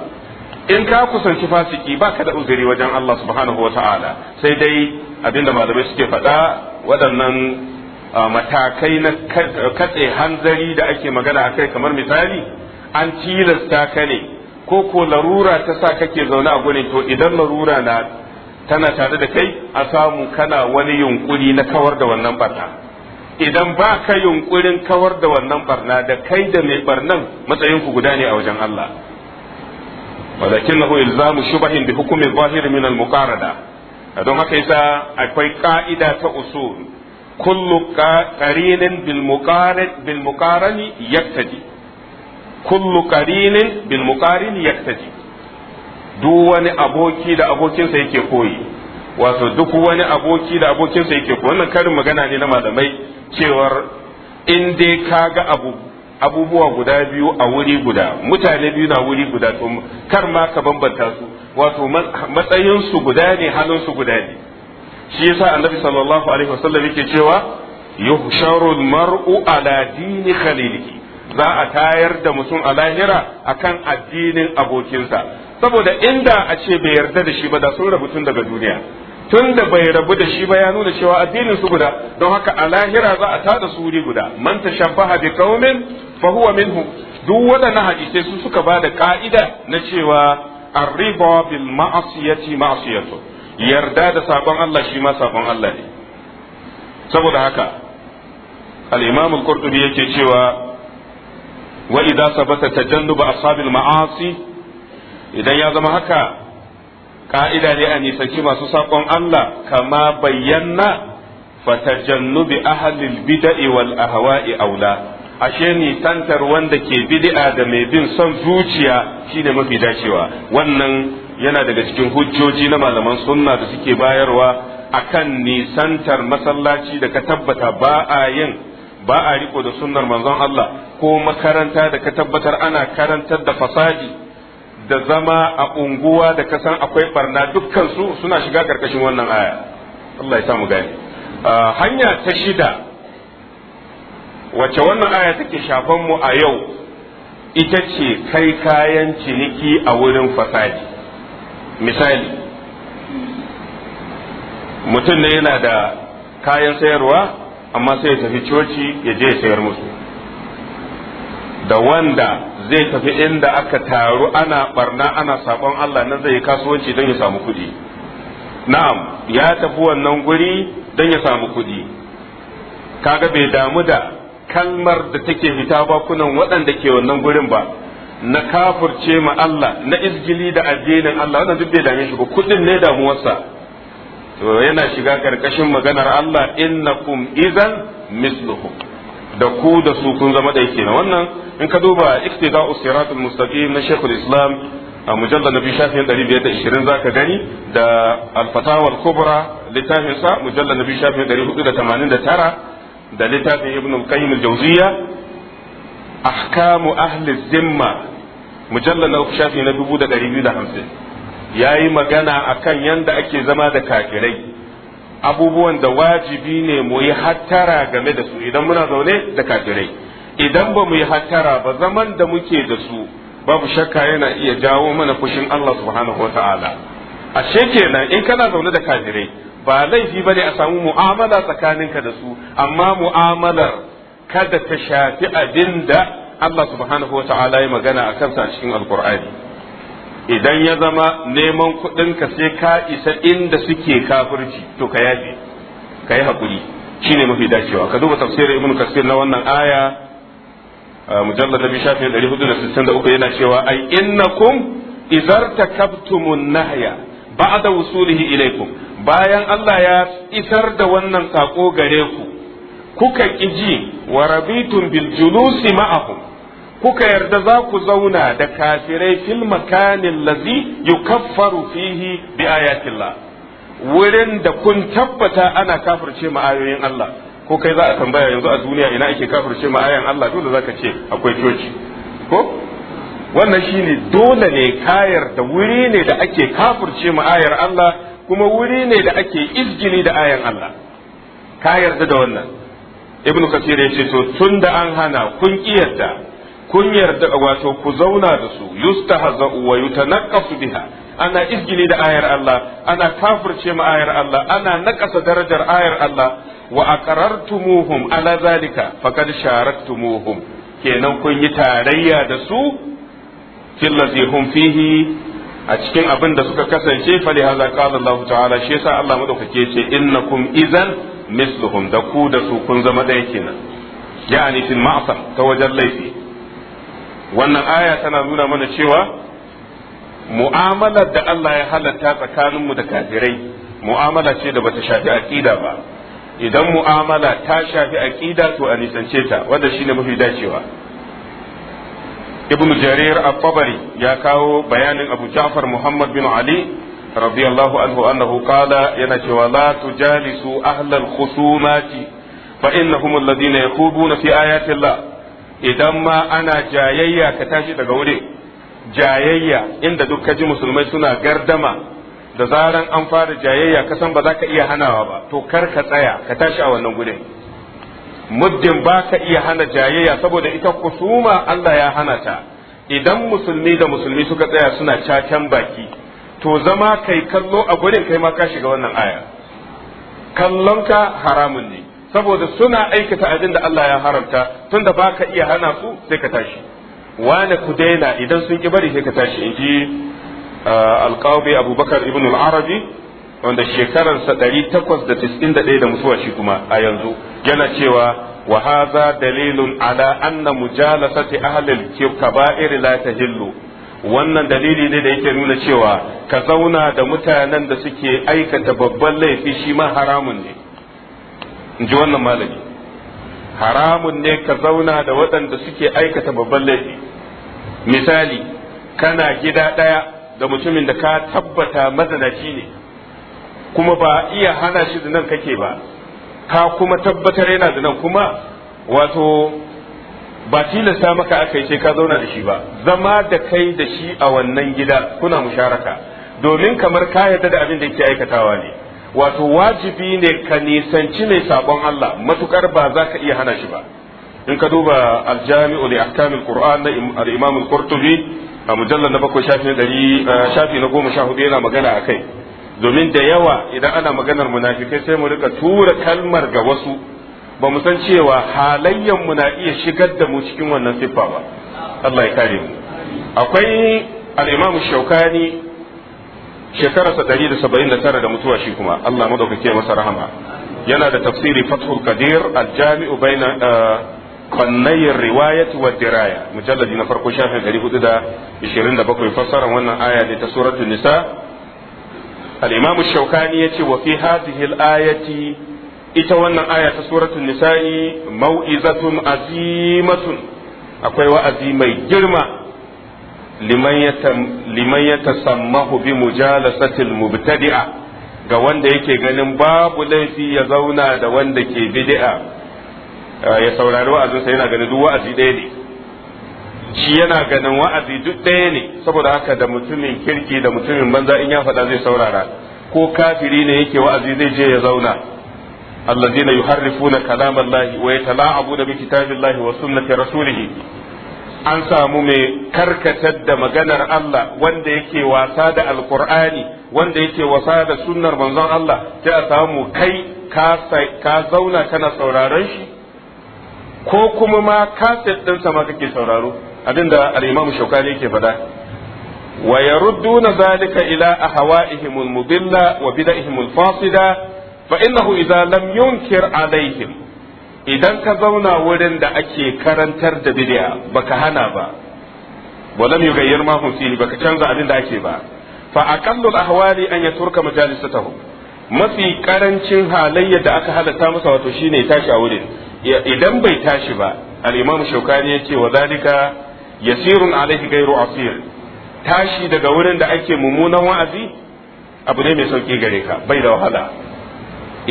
in ka kusanci fasiki baka da uzuri wajen Allah subhanahu sai dai abinda malamai suke faɗa waɗannan matakai na katse hanzari da ake magana akai kamar misali an tilasta ka ne ko ko larura ta sa kake zaune a gurin to idan larura na tana tare da kai a samu kana wani yunkuri na kawar da wannan barna idan ba ka yunkurin kawar da wannan barna da kai da mai barnan matsayin ku guda ne a wajen Allah walakinahu ilzamu shubahin bi hukmi zahiri min al muqarada don haka yasa akwai ka'ida ta usul kullu qarinin bil muqarid bil muqarani yaktadi kullu qarinin bil muqarin yaktaji duk wani aboki da abokinsa yake koyi wato duk wani aboki da abokinsa yake koyi wannan karin magana ne na malamai cewar in dai kaga abu abubuwa guda biyu a wuri guda mutane biyu na wuri guda to kar ma ka bambanta su wato matsayin su guda ne halin su guda ne shi yasa annabi sallallahu alaihi wasallam yake cewa yuhsharul mar'u ala dini khalilihi za a tayar da mutum a lahira akan addinin abokinsa saboda inda a ce bai yarda da shi ba da sun rabu tun daga duniya tun da bai rabu da shi ba ya nuna cewa addinin su guda don haka a lahira za a tada su wuri guda man tashabbaha bi qaumin fa huwa minhu duk waɗannan hadisai su suka ba da ka'ida na cewa arriba bil ma'asiyati ma'asiyatu yarda da sabon Allah shi ma sabon Allah ne saboda haka al-imam al-qurtubi yake cewa wa idza sabata a ashabil ma'asi idan ya zama haka ka'ida ne a nisanci masu saƙon Allah kama bayyana fatajannubi ahlil bid'i wal a aula ashe ni tantar wanda ke bid'a da mai bin son zuciya shine mafi dacewa wannan yana daga cikin hujjoji na malaman sunna da suke bayarwa akan nisantar masallaci da ka tabbata ba a yin ba a riko da sunnar manzon Allah ko makaranta da ka tabbatar ana karantar da fasadi da zama a unguwa da ka san akwai barna dukkan su suna shiga karkashin wannan aya Allah ya samu gani ah, hanya ta shida wacce wannan aya take shafan mu a yau ita ce kai kayan ciniki a wurin fasadi misali mutum ne yana da kayan sayarwa amma sai ya tafi coci ya je ya sayar musu da wanda zai tafi inda aka taru ana barna ana sabon Allah nan zai kasuwanci don ya samu kuɗi na'am ya tafi wannan guri don ya samu kuɗi kaga bai damu da kalmar da take fita bakunan waɗanda ke wannan gurin ba na kafurce ma Allah na izgili da addinin Allah wannan duk bai dame shi ba kuɗin ne damuwarsa to yana shiga karkashin maganar Allah innakum idan misluhum da ku da su kun zama ɗaya kenan wannan in ka duba iktida'us siratul mustaqim na Sheikhul Islam a mujallar nabi shafin 520 zaka gani da al-fatawar kubra littafin sa mujallar nabi shafin 489 da littafin ibn al-qayyim al-jawziyya ahkamu ahli zimma mujallar na shafi na 2250 ya yi magana a kan yadda ake zama da kafirai abubuwan da wajibi ne mu yi hattara game da su idan muna zaune da kafirai idan ba mu yi hattara ba zaman da muke da su babu shakka yana iya jawo mana fushin Allah subhanahu wa ta'ala ashe kenan in kana zaune da kafirai ba laifi ba ne a samu mu'amala tsakaninka da su amma mu'amalar kada ta shafi abinda Allah subhanahu wa ta'ala ya magana a kansa a cikin alkur'ani idan ya zama neman kuɗinka sai ka isa inda suke kafirci to ka yafe ka yi haƙuri shi mafi dacewa ka duba tafsirin ibn kasir na wannan aya mujallar da shafin 463 yana cewa ai innakum izar takabtumun nahya ba'da wusulihi ilaykum bayan Allah ya isar da wannan sako gare ku kuka ji wa rabitun bil julusi ma'akum kuka yarda za ku zauna da kafirai fil makanin lazi yukaffaru fihi bi ayatillah wurin da kun tabbata ana kafirce ma ayoyin Allah ko kai za a tambaya yanzu a duniya ina ake kafirce ma ayan Allah dole zaka ce akwai coci ko wannan shine dole ne kayar da wuri ne da ake kafirce ma ayar Allah kuma wuri ne da ake izgili da ayan Allah ka yarda da wannan ibnu kasir ya ce to tunda an hana kun kiyarta kun yarda wato ku zauna da su yustahza'u wa yutanaqqasu biha ana izgili da ayar Allah ana kafirce ma ayar Allah ana nakasa darajar ayar Allah wa aqarartumuhum ala zalika faqad sharaktumuhum kenan kun yi tarayya da su fil hum fihi a cikin abin da suka kasance fa lihaza qala Allah ta'ala shi yasa Allah madaukake ce innakum izan misluhum da ku da su kun zama ɗaya kenan yani fil ta wajen laifi wannan aya tana nuna mana cewa mu'amalar da Allah ya halatta tsakaninmu da kafirai mu'amala ce da bata shafi aqida ba idan mu'amala ta shafi aqida to a nisance ta wanda shine mafi dacewa ibn jarir at-tabari ya kawo bayanin abu ja'far muhammad bin ali radiyallahu anhu annahu qala yana cewa la tujalisu ahlal khusumati fa innahum alladhina yakhubuna fi ayati allah idan ma ana jayayya ka tashi daga wuri jayayya inda duk kaji musulmai suna gardama da zaran an fara jayayya ka san ba za ka iya hanawa ba to kar ka tsaya ka tashi a wannan gurin muddin ba ka iya hana jayayya saboda ita kusuma Allah ya hana ta idan musulmi da musulmi suka tsaya suna caken baki to zama kai kallo a gurin kai ma ka shiga wannan aya kallonka haramun ne saboda suna aikata abin da Allah ya haramta tunda baka iya hana su sai ka tashi wani ku daina idan sun ki bari sai ka tashi in ji uh, alƙawbi abubakar ibn al-arabi wanda shekararsa ɗari takwas da tis'in da ɗaya da mutuwa shi kuma a yanzu yana cewa wa haza dalilun ala anna mujalasati ahlil kaba'ir la tahillu wannan dalili ne da yake nuna cewa ka zauna da mutanen da suke aikata babban laifi shi ma haramun ne in ji wannan malami haramun ne ka zauna da waɗanda suke aikata babban laifi misali kana gida ɗaya da mutumin da ka tabbata mazanaci ne kuma ba iya hana shi da nan kake ba ka kuma tabbatar yana da nan kuma wato ba tilasta maka aka yi sai ka zauna da shi ba zama da kai da shi a wannan gida kuna musharaka domin kamar ka yarda da abin da yake aikatawa ne wato wajibi ne ka nisanci mai sabon Allah matukar ba za ka iya hana shi ba in ka duba aljami'u li ahkamil qur'an na al-imam al-qurtubi a mujallal na bakwai shafi na dari shafi na goma sha hudu yana magana a kai domin da yawa idan ana maganar munafikai sai mu rika tura kalmar ga wasu ba mu san cewa halayyan mu na iya shigar da mu cikin wannan siffa ba Allah ya kare mu akwai al-imam shaukani shekararsa ɗari da saba'in da tara da mutuwa shi kuma Allah madaukake masa rahama yana da tafsiri fathul qadir al-jami'u baina uh, qannayir riwayat wa diraya mujalladi na farko shafin 427 fassara wannan aya da ta suratul nisa al-imam ash-shawkani yace wa fi hadhihi al-ayati ita wannan aya ta suratul nisa'i mau'izatun azimatun akwai wa'azi mai girma liman ya tasammahu bi mujalasatil mubtadi'a ga wanda yake ganin babu laifi ya zauna da wanda ke bid'a eh, ya saurari wa'azinsa yana ganin duk wa'azi ɗaya ne shi yana ganin wa'azi duk ɗaya ne saboda haka da mutumin kirki da mutumin banza in ya faɗa zai saurara ko kafiri ne yake wa'azi zai je ya zauna allazina yuharrifuna kalamallahi wa yatala'abuna bi kitabillahi wa sunnati rasulih an samu mai karkatar da maganar Allah wanda yake wasa da alkur'ani wanda yake wasa da sunnar manzon Allah sai a samu kai ka zauna kana sauraron shi ko kuma ma kaset ɗinsa ma kake sauraro abinda al-Imam Shawkani yake faɗa wa yarudduna zalika ila ahwa'ihim al-mudilla wa bida al-fasida fa innahu idza lam yunkir alaihim idan ka zauna wurin da ake karantar da bid'a baka hana ba walam yughayyir ma hum fihi baka canza abin da ake ba fa aqallu ahwali an yaturka majalisatahu mafi karancin halayya da aka halatta masa wato shine ya tashi a wurin idan bai tashi ba al-imam shaukani yace wa zalika yasirun alayhi ghayru asir tashi daga wurin da ake mummunan wa'azi abu ne mai sauki gare ka bai da wahala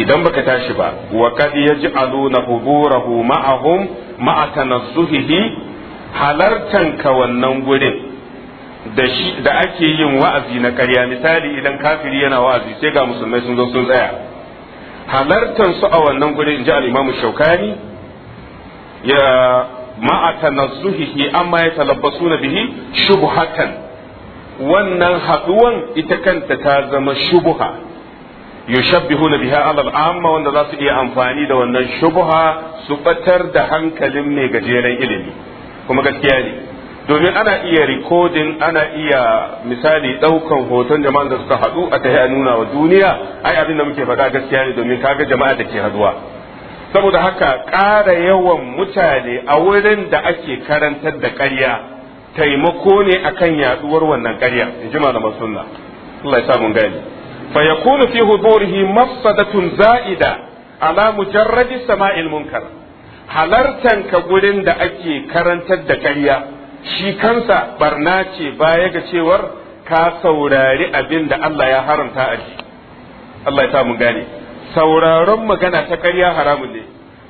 idan baka tashi ba wa kad yaj'aluna huburahu ma'ahum ma'a tanazzuhihi halartan ka wannan gurin da shi da ake yin wa'azi na ƙarya misali idan kafiri yana wa'azi sai ga musulmai sun zo sun tsaya halartan su a wannan gurin inji al-imam shaukani ya ma'a tanazzuhihi amma ya talabbasuna bihi shubhatan wannan haduwan ita kanta ta zama shubha yushabbihuna biha alal amma wanda za su iya amfani da wannan shubha su batar da hankalin mai gajeren ilimi kuma gaskiya ne domin ana iya rikodin ana iya misali daukan hoton jama'an da suka hadu a tahi a nuna wa duniya ai abin da muke faɗa gaskiya ne domin kaga jama'a da ke haduwa saboda haka ƙara yawan mutane a wurin da ake karantar da ƙarya taimako ne akan yaduwar wannan ƙarya in ji malamar sunna Allah ya sa gani fa yakunu fi da mafsadatun za'ida ala mujarradi sama'il halartan ka gurin da ake karantar da ƙarya shi kansa barna ce baya ga cewar ka saurari abin da Allah ya haramta a Allah ya sa mu gane sauraron magana ta ƙarya haramun ne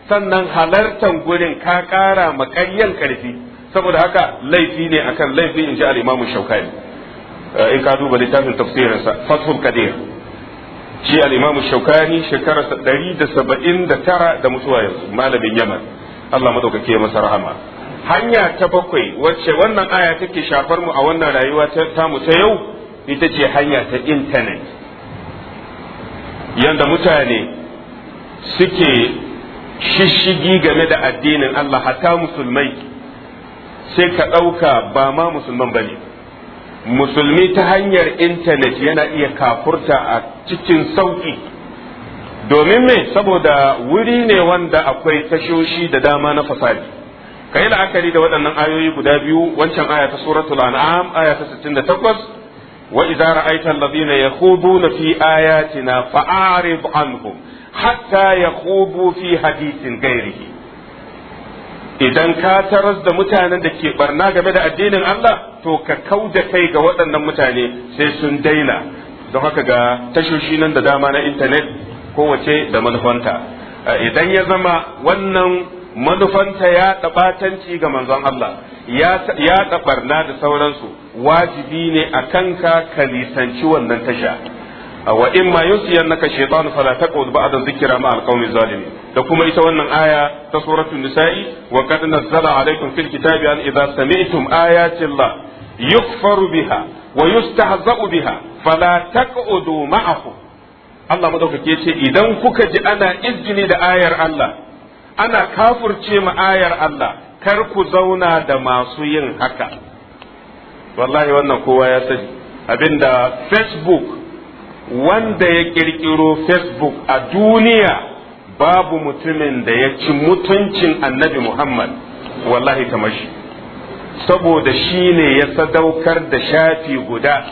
sannan halartan gurin ka ƙara ma ƙaryan ƙarfi saboda haka laifi ne akan laifi in ji al-Imam Shawkani in ka duba littafin tafsirinsa Fathul Qadir shi al shaukani shekararsa ɗari da saba'in da tara da mutuwa yanzu malamin yaman allah madaukake masa rahama hanya ta bakwai wacce wannan aya take shafar mu a wannan rayuwa ta tamu ta yau ita ce hanya ta intanet yanda mutane suke shishigi game da addinin allah hatta musulmai sai ka ɗauka ba ma musulman ba ne musulmi ta hanyar intanet yana iya kafurta a cikin sauƙi domin me saboda wuri ne wanda akwai tashoshi da dama na fasadi ka yi la'akari da waɗannan ayoyi guda biyu wancan aya ta suratul an'am aya ta 68 wa idza ra'aita alladhina yakhuduna fi ayatina fa'arid anhum hatta yakhudu fi hadithin ghairihi idan ka taras da mutanen da ke barna game da addinin Allah to ka kau da kai ga waɗannan mutane sai sun daina don haka ga tashoshi nan da dama na intanet kowace da manufanta idan ya zama wannan manufanta ya ɗabatanci ga manzon Allah ya ɗabarna da sauransu wajibi ne akan kanka ka nisanci wannan tasha wa in ma yunsiyannaka shaytanu fala taqud ba'da dhikra ma alqawmi zalimin da kuma ita wannan aya ta suratul nisa'i wa qad nazzala alaykum fil kitabi an idza sami'tum ayati allah yukfaru biha wa yustahza'u biha fala taqudu ma'ahu Allah madaukake ce idan kuka ji ana izini da ayar Allah ana kafurce ma ayar Allah kar ku zauna da masu yin haka wallahi wannan kowa ya sani abinda facebook wanda ya kirkiro facebook a duniya babu mutumin da ya ci mutuncin annabi muhammad wallahi tamashi. mashi saboda shi ne ya sadaukar da shafi guda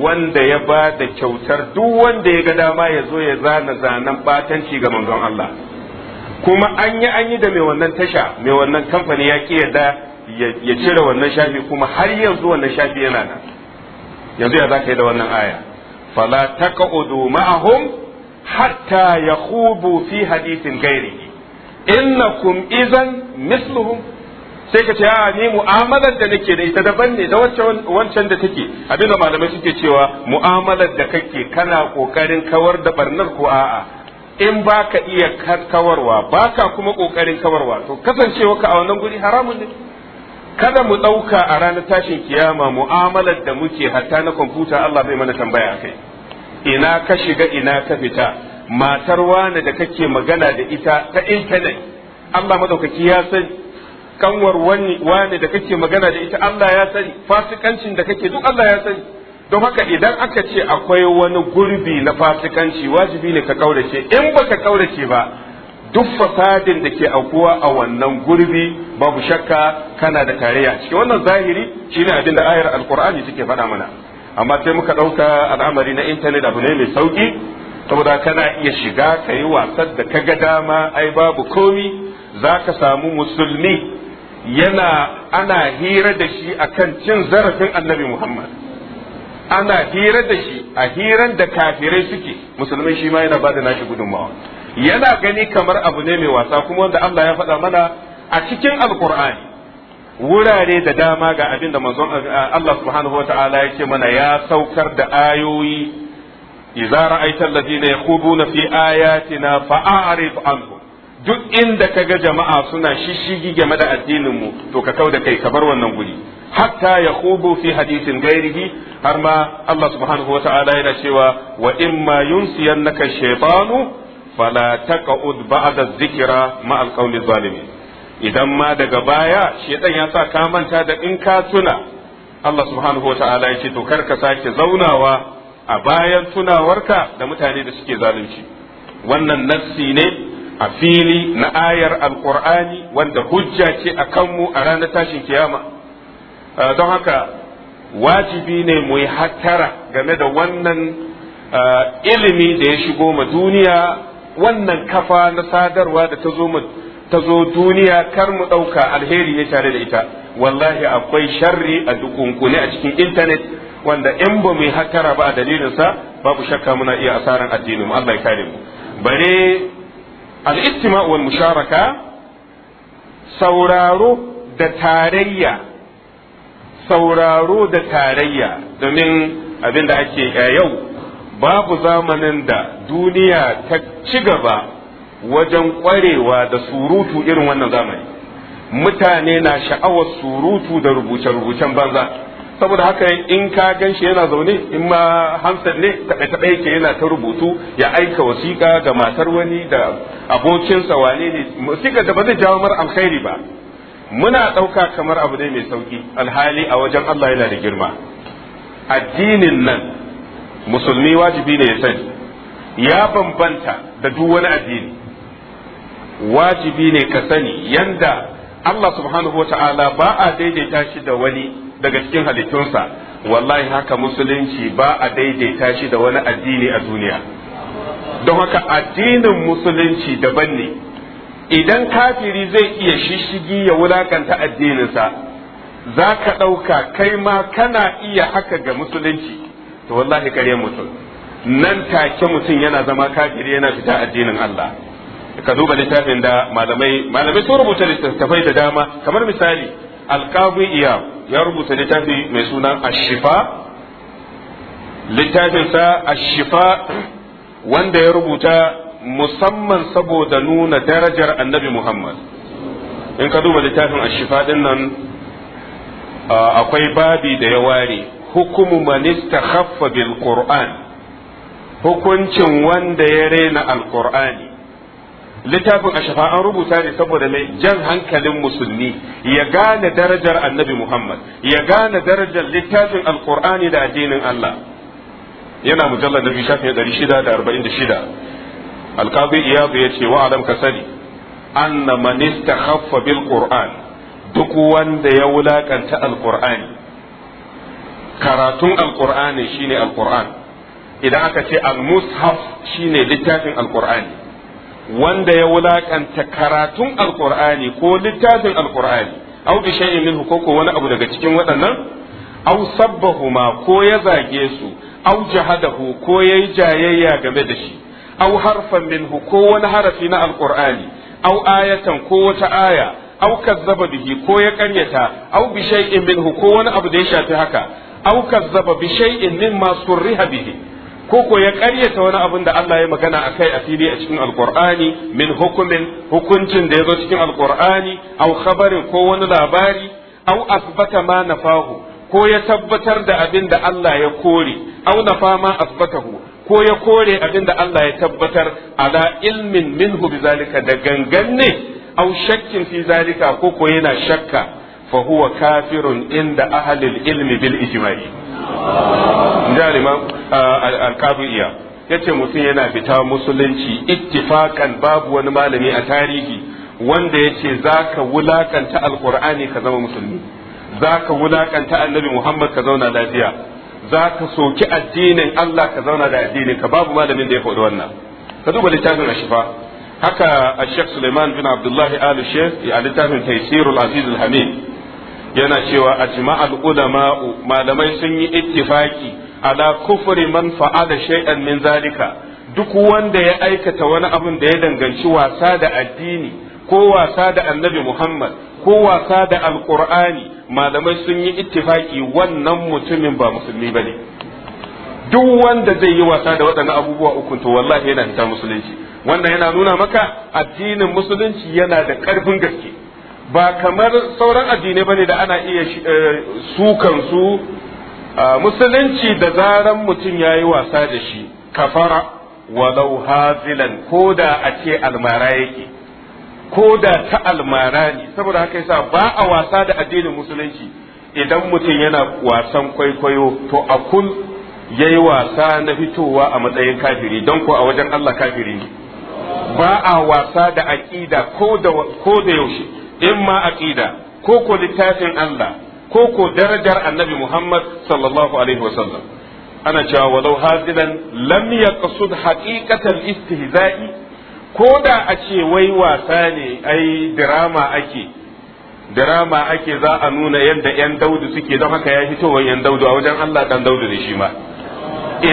wanda ya ba da kyautar duk wanda ya ga dama ya zo ya zana zanen batanci ga manzon Allah kuma an yi an yi da mai wannan tasha mai wannan kamfani ya ki yadda ya cire wannan shafi kuma har yanzu wannan shafi yana nan yanzu ya za ka yi da wannan aya fala taq'udu ma'ahum hatta yakhubu fi in ghairihi innakum idan misluhum sai ka ce a ni mu'amalar da nake da ita daban ne da wancan da take da malamai suke cewa mu'amalar da kake kana kokarin kawar da barnar ko a'a in ba ka iya kawarwa ba ka kuma kokarin kawarwa to kasancewa ka a wannan guri haramun ne kada mu ɗauka a ranar tashin kiyama mu'amalar da muke hatta na kwamfuta Allah bai mana tambaya a kai ina ka shiga ina ka fita matar wane da kake magana da ita ta intanet Allah madaukaki ya sani kanwar wane da kake magana da ita Allah ya sani fasikancin da kake duk Allah ya sani don haka idan aka ce akwai wani gurbi na fasikanci wajibi ne ka kaurace in baka kaurace ba duk fasadin da ke aukuwa a wannan gurbi babu shakka kana da tarayya cikin wannan zahiri shine abin da ayar alqur'ani take faɗa mana amma sai muka ɗauka al'amari na intanet abu ne mai sauki saboda kana iya shiga ka yi wasan da ka ga dama ai babu komi za ka samu musulmi yana ana hira da shi akan cin zarafin annabi muhammad ana hira da shi a hiran da kafirai suke musulmai shi ma yana ba da nashi gudunmawa yana gani kamar abu ne mai wasa kuma wanda Allah ya faɗa mana a cikin alkur'ani wurare da dama ga abin da manzon eh, Allah subhanahu wa ta'ala ya ce mana ya saukar da ayoyi idza ra'aita alladhina yakhuduna fi ayatina fa'arid anhum duk inda kaga jama'a suna shishigi game da addinin mu to ka kauda kai ka bar wannan guri hatta yakhubu fi hadisin gairihi har ma Allah subhanahu wa ta'ala yana cewa wa imma yunsiyannaka shaytanu fala taqud ba'da zikira ma alqawli zalimi idan ma daga baya shedan ya sa ka manta da in ka tuna Allah subhanahu wa ta'ala ya ce to kar ka sake zaunawa a bayan tunawarka da mutane da suke zalunci wannan nassi ne a fili na ayar alqur'ani wanda hujja ce a mu a ranar tashin kiyama uh, don haka wajibi ne mu yi hattara game da wannan uh, ilimi da ya shigo ma duniya wannan kafa na sadarwa da ta zo mu ta zo duniya kar mu ɗauka alheri ne tare da ita wallahi akwai sharri a dukunkune a cikin intanet wanda in ba mu hatara ba a dalilinsa babu shakka muna iya asaran addinin mu Allah ya kare mu bare al-istima' wal musharaka sauraro da tarayya sauraro da tarayya domin abinda ake eh, yau babu zamanin da duniya ta ci gaba wajen kwarewa da surutu irin wannan zamani mutane na sha'awar surutu da rubuce-rubucen banza saboda haka in ka gan shi yana zaune in ma hamsin ne taɓe-taɓe taɓe ke yana ta rubutu ya aika wasiƙa ga matar wani da abokinsa wane ne wasiƙa da ba zai jawo mar alkhairi ba muna ɗauka kamar abu ne mai sauƙi alhali a wajen Allah yana da girma addinin nan musulmi wajibi ne ya sani ya bambanta da duk wani addini wajibi ne ka sani yanda Allah subhanahu wa ta'ala ba a daidaita shi da wani daga cikin halittunsa wallahi haka musulunci ba a daidaita shi da wani addini a duniya don haka addinin musulunci daban ne idan kafiri zai iya shishigi ya wulakanta addininsa za ka ɗauka kai ma kana iya haka ga musulunci to wallahi kare mutum nan take mutum yana zama kafiri yana fita addinin Allah ka duba littafin da malamai malamai sun rubuta littafai da dama kamar misali alqabi iya ya rubuta littafi mai suna ashifa littafin sa ashifa wanda ya rubuta musamman saboda nuna darajar annabi Muhammad in ka duba littafin ashifa din nan akwai babi da ya ware hukumu man istakhaffa bil hukuncin wanda ya rena alƙur'ani littafin ashafa an rubuta ne saboda mai jan hankalin musulmi ya gane darajar annabi muhammad ya gane darajar littafin alqur'ani da addinin allah yana mujallar arba'in da shida alkazi iyadu ya ce wa alam ka sani anna man istakhaffa bil duk wanda ya wulakanta alqur'ani karatun alqur'ani shine alqur'an idan aka ce almushaf shine littafin alqur'ani wanda ya wulakanta karatun alqur'ani ko littafin alqur'ani aw bi shay'in minhu ko wani abu daga cikin waɗannan aw sabbahuma ko ya zage su aw jahadahu ko yayi jayayya game da shi aw harfan minhu ko wani harafi na alqur'ani aw ayatan ko wata aya aw kazzaba bihi ko ya karyata aw bi shay'in minhu ko wani abu da ya shafi haka aw kazzaba bi shay'in mimma surriha bihi ko ko ya karyata wani abin da Allah ya magana akai a fili a cikin alqur'ani min hukumin hukuncin da ya zo cikin alqur'ani aw khabarin ko wani labari aw asbata ma nafahu ko ya tabbatar da abin da Allah ya kore aw nafa ma asbatahu ko ya kore abin da Allah ya tabbatar ala ilmin minhu bizalika da gangan ne aw shakkin fi zalika ko ko yana shakka Fahuwa kafirin kafirun inda ahlil ilmi bil ijma'i inda al yace mutum yana fita musulunci ittifakan babu wani malami a tarihi wanda yace zaka wulakanta alqur'ani ka zama musulmi zaka wulakanta annabi muhammad ka zauna lafiya zaka soki addinin Allah ka zauna da addinin ka babu malamin da ya faɗi wannan ka duba littafin ashifa haka الشيخ Suleiman bin abdullahi الله آل a littafin تهم تيسير العزيز الحميد yana cewa a ajma'al ulama'u malamai sun yi ittifaki ala kufri man fa'ala shay'an min zalika duk wanda ya aikata wani abin da ya danganci wasa da addini ko wasa da annabi Muhammad ko wasa da alqur'ani malamai sun yi ittifaki wannan mutumin ba musulmi bane duk wanda zai yi wasa da waɗannan abubuwa uku to wallahi yana fita musulunci wannan yana nuna maka addinin musulunci yana da ƙarfin gaske ba kamar sauran addinai bane da ana iya eh, sukan su musulunci da zaran mutum ya yi wasa da shi kafara walau hazilan ko da a ce almara yake ko da ta almara ne saboda haka yasa ba a wasa da addinin musulunci idan mutum yana wasan kwaikwayo to a kun yayi wasa na fitowa a matsayin kafiri don ko a wajen Allah kafiri ne ba a wasa da aƙida ko da yaushe imma aqida ko ko littafin Allah ko ko darajar annabi Muhammad sallallahu alaihi wasallam ana cewa walau hadidan lam yaqsud haqiqatal istihza'i ko da a ce wai wasa ne ai drama ake drama ake za a nuna yadda yan daudu suke don haka ya fitowa yan daudu a wajen Allah dan daudu ne shi ma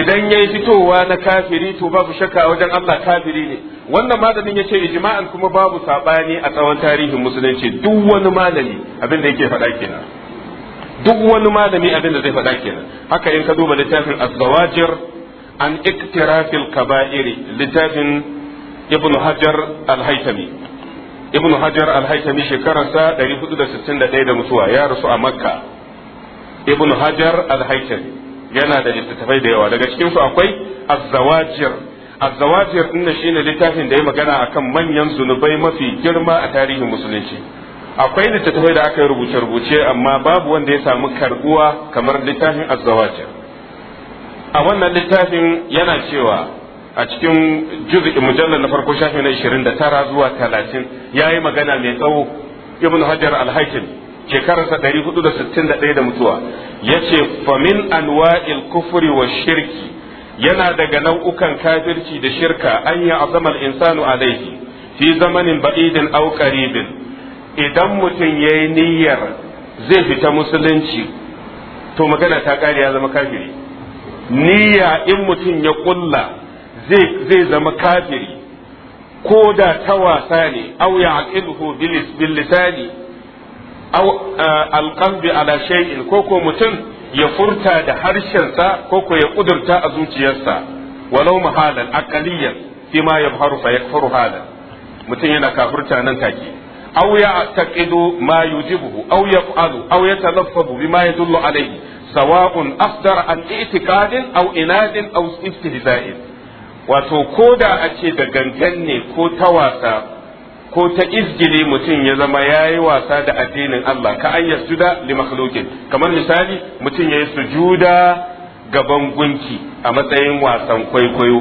idan ya fitowa na kafiri to babu shakka a wajen Allah kafiri ne wannan malamin ya ce ijma'an kuma babu saɓani a tsawon tarihin musulunci duk wani malami abin da yake faɗa kenan duk wani malami abin da zai faɗa kenan haka in ka duba littafin az-zawajir an iktirafil kaba'iri littafin ibnu hajar al-haytami ibnu hajar al-haytami shekararsa 461 da mutuwa ya rasu a makka ibnu hajar al-haytami yana da littattafai da yawa daga cikin su akwai az azzawajir din da shine littafin da ya magana akan manyan zunubai mafi girma a tarihin musulunci akwai littattafai da aka yi rubuce-rubuce amma babu wanda ya samu karbuwa kamar littafin azzawajir a wannan littafin yana cewa a cikin juz'i mujallar na farko shafi na 29 zuwa 30 yayi magana mai tsawo ibn hajar al-hakim shekararsa 461 da mutuwa yace famin anwa'il kufri wa shirki yana daga nau'ukan kafirci da shirka an yi azamar insanu alaihi fi zamanin ba'idin au qaribin idan mutum ya yi niyyar zai fita musulunci to magana ta kare ya zama kafiri niyya in mutum ya ƙulla zai zama kafiri ko da ta wasa ne aw ya'qiluhu bil lisani aw eh, alqalbi ala shay'in ko ko mutum ya furta da harshensa ko ko ya kudurta a zuciyarsa walau mahalan aqaliyan fima yabharu fa yakfuru halan mutum yana kafurta nan take aw ya taqidu ma yujibuhu aw yaf'alu aw yatalaffazu bima yadullu alayhi sawa'un afdar an i'tiqadin aw inadin aw istihza'in wato koda a ce da ganganne ko ta wasa ko ta izgili mutum ya zama ya yi wasa da addinin Allah ka an yasjuda li makhluqin kamar misali mutum ya yi sujuda gaban gunki a matsayin wasan kwaikwayo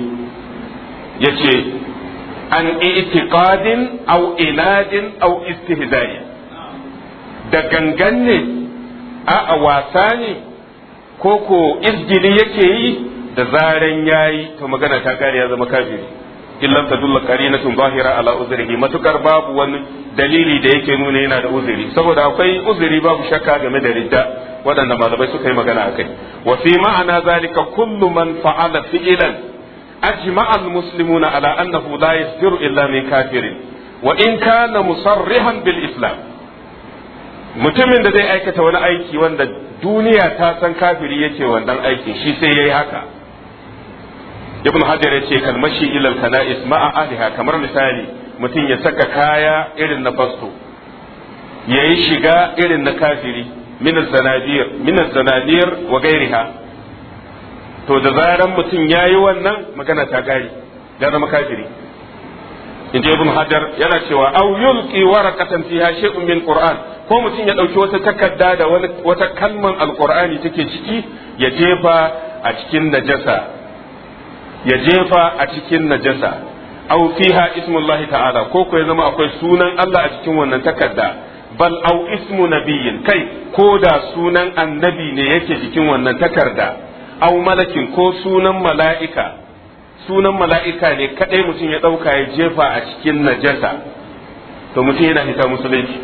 ya ce an itiqadin au inadin au istihdai da gangan ne a wasa ne ko ko izgili yake yi da zaren yayi to magana ta kare ya zama kafiri illam tadulla qarinatun zahira ala uzrihi matukar babu wani dalili da yake nuna yana da uzuri saboda akwai uzuri babu shakka game da ridda waɗanda malamai suka yi magana akai wa fi ma'ana zalika kullu man fa'ala fi'ilan ajma'a al-muslimuna ala annahu la yasdiru illa min kafirin wa in kana musarrihan bil islam mutumin da zai aikata wani aiki wanda duniya ta san kafiri yake wannan aikin shi sai yayi haka ibn hajar ya ce kalmashi ilal kana'is ma'a ahliha kamar misali mutum ya saka kaya irin na fasto ya yi shiga irin na kafiri min zanadiyar wa gairiha to da zaran mutum ya yi wannan magana ta gari ya zama kafiri in ji ibn hajar yana cewa au yulqi warakatan fiha shay'un min qur'an ko mutum ya dauki wata takarda da wata kalman alqur'ani take ciki ya jefa a cikin najasa ya jefa a cikin najasa au fiha ismullahi ta'ala ko ko ya zama akwai sunan Allah a cikin wannan takarda bal au ismu nabiyyin kai ko da sunan annabi ne yake jikin wannan takarda au malakin ko sunan mala'ika sunan mala'ika ne kadai mutum ya dauka ya jefa a cikin najasa to mutum yana hita musulunci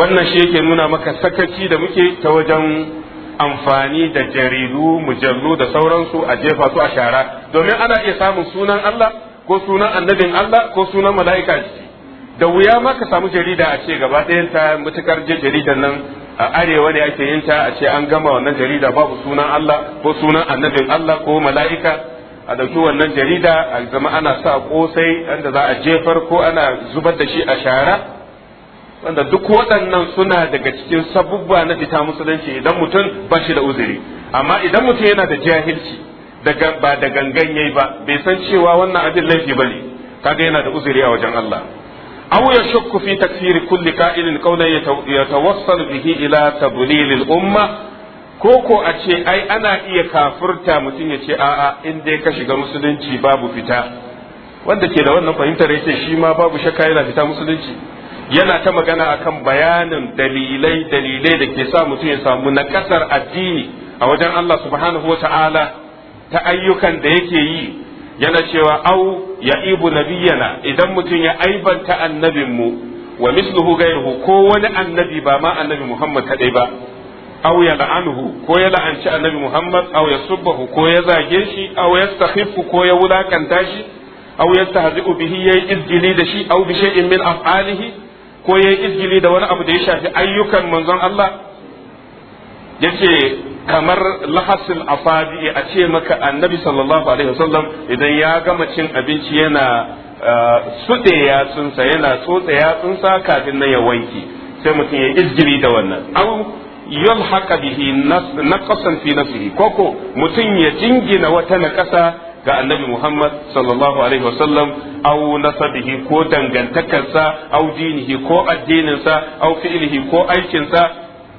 wannan shi yake nuna maka sakaci da muke ta wajen amfani da jaridu mujallu da sauransu a jefa su a shara domin ana iya samun sunan Allah ko sunan annabin Allah ko sunan mala'ika da wuya ma ka samu jarida a ce gaba ɗayan ta mutukar je jaridan nan a arewa ne ake yin ta a ce an gama wannan jarida babu sunan Allah ko sunan annabin Allah ko mala'ika a dauki wannan jarida a zama ana sa kosai inda za a jefar ko ana zubar da shi a shara wanda duk waɗannan suna daga cikin sabubba na fita musulunci idan mutum ba shi da uzuri amma idan mutum yana da jahilci daga ba da gangan yayi ba bai san cewa wannan abin laifi bane kaga yana da uzuri a wajen Allah aw yashukku fi takfiri kulli qa'ilin qawlan yatawassal bihi ila tadlil al-umma ko ko a ce ai ana iya kafurta mutum ya ce a'a in dai ka shiga musulunci babu fita wanda ke da wannan fahimtar yace shi ma babu shakka yana fita musulunci yana ta magana akan bayanin dalilai dalilai da ke sa mutum ya samu na addini a wajen Allah subhanahu wa ta'ala ta ayyukan da yake yi yana cewa au ya ibu nabiyana idan mutum ya aibanta annabinmu wa misluhu gairuhu ko wani annabi ba ma annabi Muhammad kadai ba au ya la'anuhu ko ya la'anci annabi Muhammad au ya subbahu ko ya zage shi au ya ko ya wulakanta shi au ya bihi yayi izgili da shi au bi shay'in min af'alihi ko ya yi izgili da wani abu da ya shafi ayyukan manzon Allah yace kamar lahasul afadi a ce maka annabi sallallahu alaihi wasallam idan ya gama cin abinci yana uh, suɗe yatsunsa yana ya yatsunsa kafin na ya wanke sai mutum ya izgili da wannan au yulhaqa bihi naqasan fi nafsihi koko mutum ya jingina wata naƙasa ga annabi Muhammad sallallahu alaihi wasallam aw nasabihi ko dangantakarsa aw dinihi ko addininsa aw fi'lihi ko aikinsa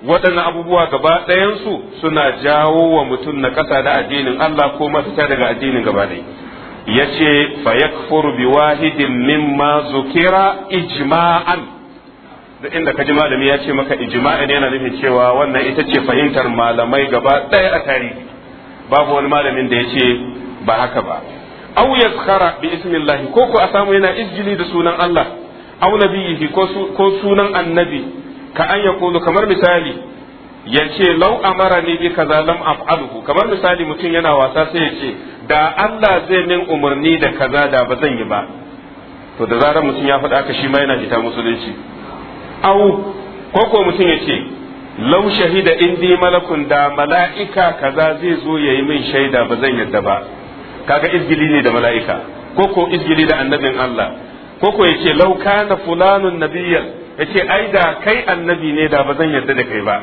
waɗannan abubuwa gaba ɗayansu suna jawo wa mutum na ƙasa da addinin Allah ko mafita daga addinin gaba ɗaya ya ce fa yakfuru bi wahidin mimma zukira ijma'an da inda ka ji malami ya ce maka ijma'an yana nufin cewa wannan ita ce fahimtar malamai gaba ɗaya a tarihi babu wani malamin da ya ce ba haka ba aw yazkhara bi ismillahi ko ko a samu yana izgili da sunan Allah aw nabiyhi ko sunan annabi ka an yaqulu kamar misali yace law amarani bi kaza lam af'aluhu kamar misali mutum yana wasa sai yace da Allah zai min umarni da kaza da ba zan yi ba to da zarar mutum ya faɗa ka shi ma yana fita musulunci aw ko ko mutum yace lau shahida indi malakun da mala'ika kaza zai zo ya yi min shaida ba zan yadda ba kaga izgili ne da mala'ika ko ko izgili da annabin Allah ko ko yace lauka na fulanun nabiyyan yace ai da kai annabi ne da ba zan yarda da kai ba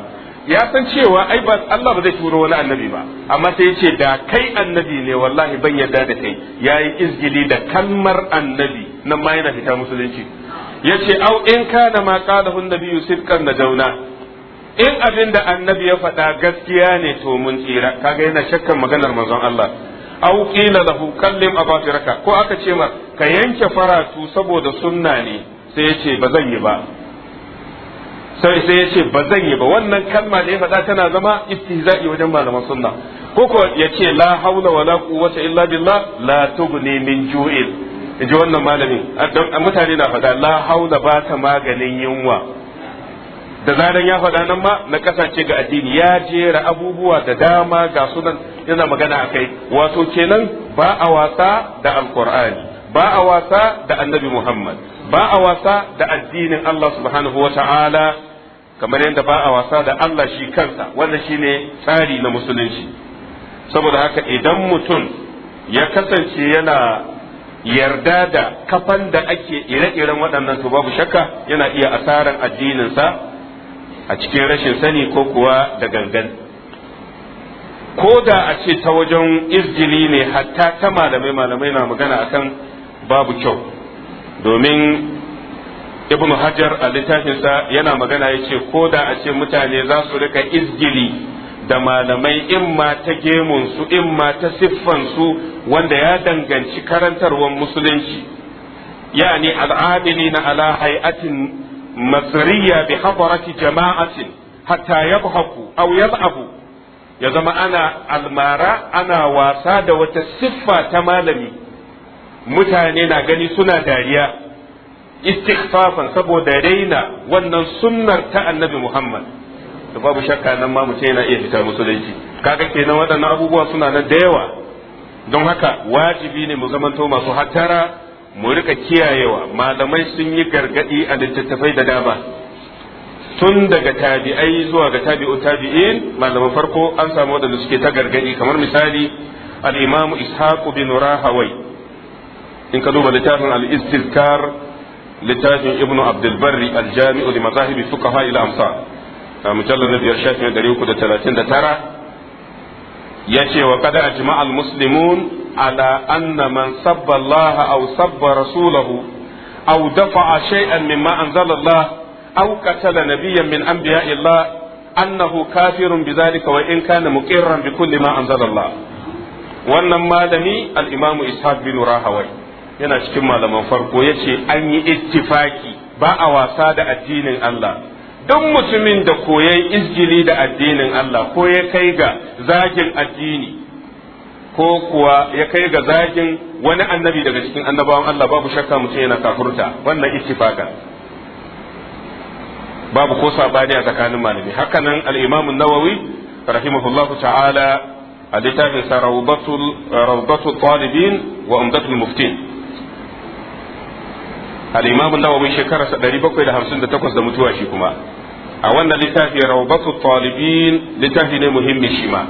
ya san cewa ai ba Allah ba zai turo wani annabi ba amma sai yace da kai annabi ne wallahi ban yarda da kai yayi izgili da kalmar annabi nan ma yana fita musulunci yace au in kana ma qalahu nabiyyu sidqan zauna. in abin da annabi ya faɗa gaskiya ne to mun tsira kaga yana shakkan maganar manzon Allah au qila lahu kallim abafiraka ko aka ce ma ka yanke faratu saboda sunna ne sai ya ce ba zan yi ba sai sai ya ce ba zan yi ba wannan kalma da ya faɗa tana zama istihza'i wajen malaman sunna ko ko ya ce la hawla wala quwwata illa billah la tubni min ju'il ji wannan malamin mutane na faɗa la hawla ba ta maganin yunwa da zaran ya faɗa nan ma na kasance ga addini ya jera abubuwa da dama ga sunan yana magana a kai wato kenan ba a wasa da alkur'ani ba a wasa da annabi muhammad ba a wasa da addinin allah subhanahu wa ta'ala kamar yadda ba a wasa da allah shi kansa wanda shine tsari na musulunci saboda haka idan mutum ya kasance yana yarda da kafan da ake ire-iren waɗannan to babu shakka yana iya asaran addininsa a cikin rashin sani ko kuwa da gangan ko da a ce ta wajen izgili ne hatta ta malamai malamai na magana akan babu kyau domin Ibn hajar a littafinsa yana magana ya ce ko da a ce mutane za su rika izgili da malamai in ma ta gemunsu in ma ta siffansu wanda ya danganci karantarwar musulunci yani al'adini na ala hay'atin masriya bi hadarati jama'atin hatta yadhaku aw yad'abu ya zama ana almara ana wasa da wata siffa ta malami mutane na gani suna dariya istighfafan saboda raina wannan sunnar ta annabi Muhammad da babu shakka nan ma mutum yana iya fita musulunci kaga kenan waɗannan abubuwa suna nan da yawa don haka wajibi ne mu zamanto masu hattara mu rika kiyayewa malamai sun yi gargadi a littattafai da dama tun daga tabi'ai zuwa ga tabi'u tabi'in malaman farko an samu wadanda suke ta gargadi kamar misali al-imamu ishaq bin rahawai in ka duba littafin al-istizkar littafin ibnu abdul barri al-jami'u li mazahibi fuqaha ila amsa mujallad na biyar shafin yace wa kada ajma'a almuslimun ala anna man sabba Allah aw sabba rasulahu aw dafa'a shay'an mimma anzala Allah aw qatala nabiyyan min anbiya'i Allah annahu kafirun bidhalika wa in kana muqirran bi kulli ma anzala Allah wannan malami al-Imam Ishaq bin Rahawai yana cikin malaman farko yace an yi ittifaki ba a wasa da addinin Allah duk mutumin da koyan izgili da addinin Allah ko ya kai ga zagin addini ko kuwa ya kai ga zagin wani annabi daga cikin annabawan Allah babu shakka mutum yana kafurta wannan ittifaka babu ko sabani a tsakanin malami hakanan al-Imam an-Nawawi rahimahullahu ta'ala a littafin sa rawdatul talibin wa umdatul muftin al-Imam an-Nawawi shekara 758 da mutuwa shi kuma a wannan littafi rawbatu talibin littafi ne muhimmi shi ma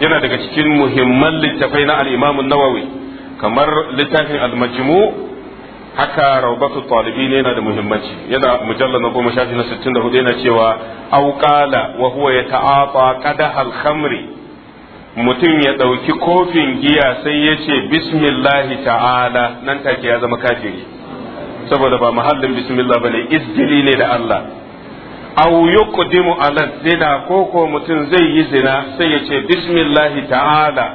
yana daga cikin muhimman littafai na al-Imam nawawi kamar littafin al-Majmu haka rawbatu talibin yana da muhimmanci yana mujallar na goma shafi na 64 yana cewa aw qala wa huwa yata'ata al khamri mutum ya ɗauki kofin giya sai ya ce bismillahi ta'ala nan take ya zama kafiri saboda ba mahallin bismillah bane izgili ne da Allah aw yuqdimu ala zina ko ko mutum zai yi zina sai ya ce bismillahi ta'ala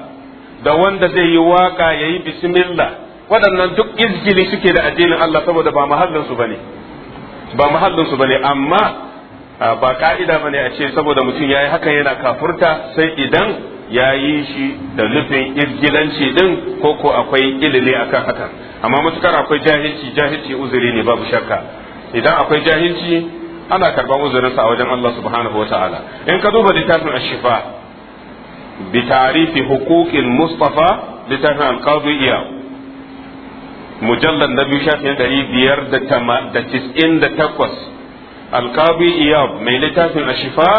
da wanda zai yi waka yayi bismillah waɗannan duk izgili suke da addinin Allah saboda ba mahallin su bane ba mahallin su bane amma ba ka'ida bane a ce saboda mutum yayi haka yana kafurta sai idan yayi shi da nufin izgilanci din ko ko akwai ilimi akan haka amma matukar akwai jahilci jahilci uzuri ne babu shakka idan akwai jahilci ana karban uzurinsa a wajen Allah subhanahu wa ta'ala in ka duba littafin ashifa bi tarifi huquqil mustafa littafin alqadi iya mujallad na biyu shafin ɗari biyar da tis'in da takwas alqadi iya mai littafin ashifa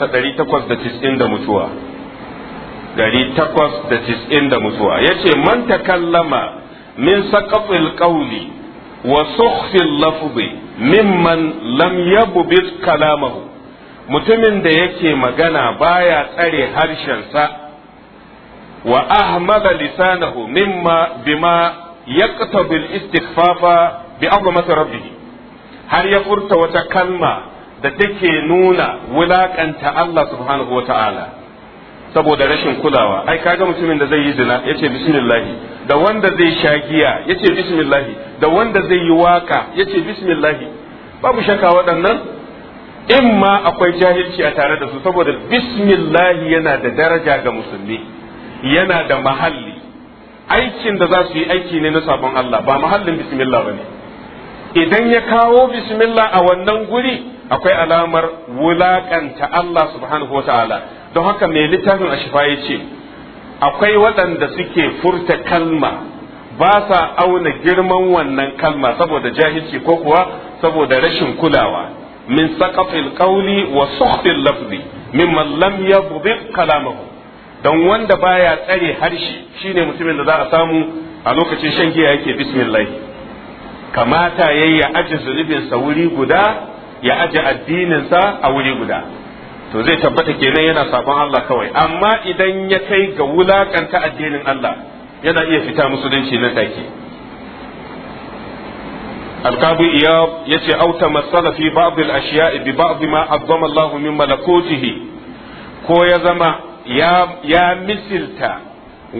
sa ɗari takwas da tis'in da mutuwa ɗari takwas da tis'in da mutuwa yace man takallama min saqafil qawli wa sukhfil lafzi mimman lam yabbit kalamahu mutumin da yake magana baya tsare harshensa wa ahmada lisanahu mimma bima yaqtabil istighfafa bi azamati rabbih har ya furta wata kalma da take nuna wulakanta Allah subhanahu wa ta'ala saboda rashin kulawa ai kaga mutumin da zai yi zina yace bismillah da wanda zai sha giya yace bismillah da wanda zai yi waka yace bismillah babu shakka waɗannan in ma akwai jahilci a tare da su saboda bismillah yana da daraja ga musulmi yana da mahalli aikin da za su yi aiki ne na sabon Allah ba mahallin bismillah bane idan ya kawo bismillah a wannan guri akwai alamar wulakanta Allah subhanahu wa ta'ala don haka mai littafin shifa ya ce akwai waɗanda suke furta kalma ba sa auna girman wannan kalma saboda jahilci ko kuwa saboda rashin kulawa min saqatil qawli wa sukhtil lafzi mimman lam yadhbit kalamahu don wanda baya tsare harshe shine mutumin da za a samu a lokacin shan giya yake bismillah kamata yayi ya aje zunubinsa wuri guda ya aje addininsa a wuri guda to zai tabbata kenan yana sabon Allah kawai amma idan ya kai ga wulakanta addinin Allah yana iya fita musulunci na take القاضي إياب يتي أو تمثل في بعض الأشياء ببعض ما عظم الله من ملكوته ko ya zama ya misilta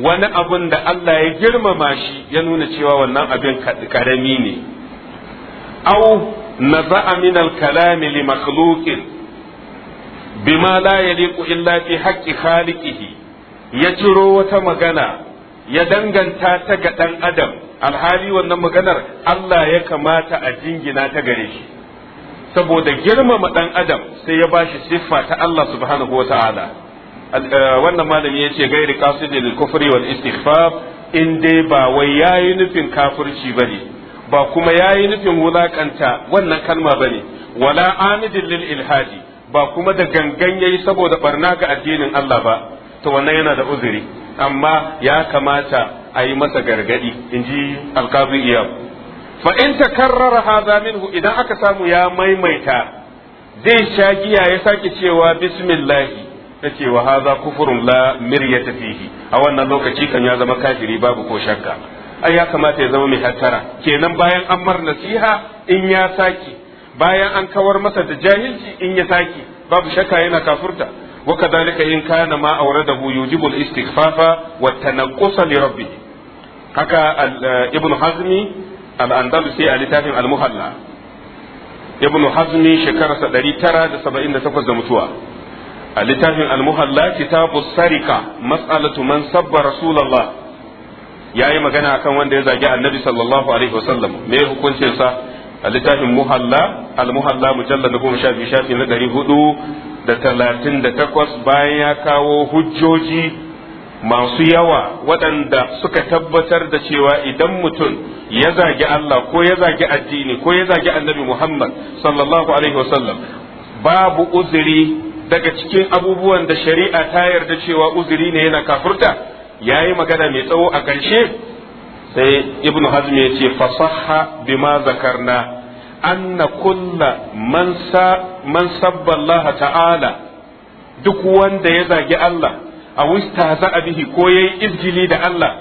wani abun da Allah ya girmama shi ya nuna cewa wannan abin karami ne au na za'a min al-kalami li makhluqin Bimala ya yaliqu in fi haqqi khaliqihi ya ciro wata magana ya danganta ta ga ɗan adam alhali wannan maganar Allah ya kamata a jingina ta gare shi saboda girmama dan adam sai ya bashi siffa ta Allah subhanahu wata'ala eh, wannan malami ya ce gairi qasidil kufri wal istighfar in dai ba wai yayi nufin kafirci bane ba kuma yayi nufin wulakanta wannan kalma bane wala amidin lil ilhadi ba kuma da gangan yayi saboda barna ga addinin Allah ba to wannan yana da uzuri amma ya kamata a yi masa gargadi In ji alkazi iyab fa in takarrara haza minhu idan aka samu ya maimaita zai sha giya ya sake cewa bismillah ta ce wa haza kufurun la miryata fihi a wannan lokaci kan ya zama kafiri babu ko shakka ai ya kamata ya zama mai hattara kenan bayan an mar nasiha in ya sake. bayan an kawar masa da jahilci in ya sake babu shakka yana kafurta wa kadhalika in kana ma aure da awradahu yujibul istighfafa wa tanaqqusa li rabbi. haka eh, ibn hazmi al-andalusi a littafin al-muhalla ibn hazmi shekararsa 978 da mutuwa a littafin al-muhalla kitabu sarika mas'alatu man sabba rasulullah yayi magana akan wanda ya zagi annabi sallallahu alaihi wasallam me hukuncin sa a littafin muhalla al-muhalla mujallad na kuma sha biyu shafi na ɗari hudu da talatin da takwas bayan ya kawo hujjoji masu yawa waɗanda suka tabbatar da cewa idan mutum ya zagi Allah ko ya zagi addini ko ya zagi annabi Muhammad sallallahu alaihi wasallam babu uzuri daga cikin abubuwan da shari'a ta yarda cewa uzuri ne yana kafurta ya yi magana mai tsawo a ƙarshe sai ibn hazmi ya ce fasaha bima zakarna anna kulla man sabba Allah ta'ala duk wanda ya zagi Allah a wista za a bihi ko yayi izgili da Allah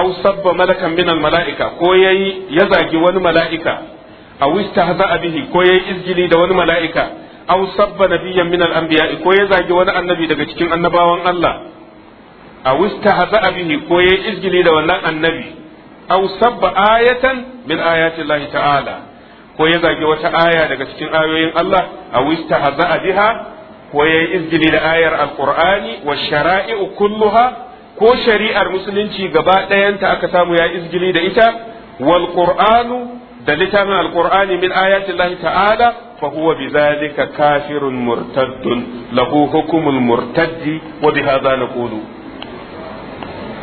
aw sabba malakan minal mala'ika ko yayi ya zagi wani mala'ika a wista za a bihi ko yayi izgili da wani mala'ika aw sabba nabiyyan minal anbiya ko ya zagi wani annabi daga cikin annabawan Allah a wista za a bihi ko yayi izgili da wannan annabi aw sabba ayatan min ayati Allah ta'ala ko ya zagi wata aya daga cikin ayoyin Allah a wista a biha ko ya yi izgili da ayar alkur'ani wa shara'i'u kulluha ko shari'ar musulunci gaba ɗayanta aka samu ya izgini da ita wal qur'anu da littafin alkur'ani min ayati Allah ta'ala fa huwa bidhalika kafirun murtaddun lahu hukmul murtaddi wa bihadha naqulu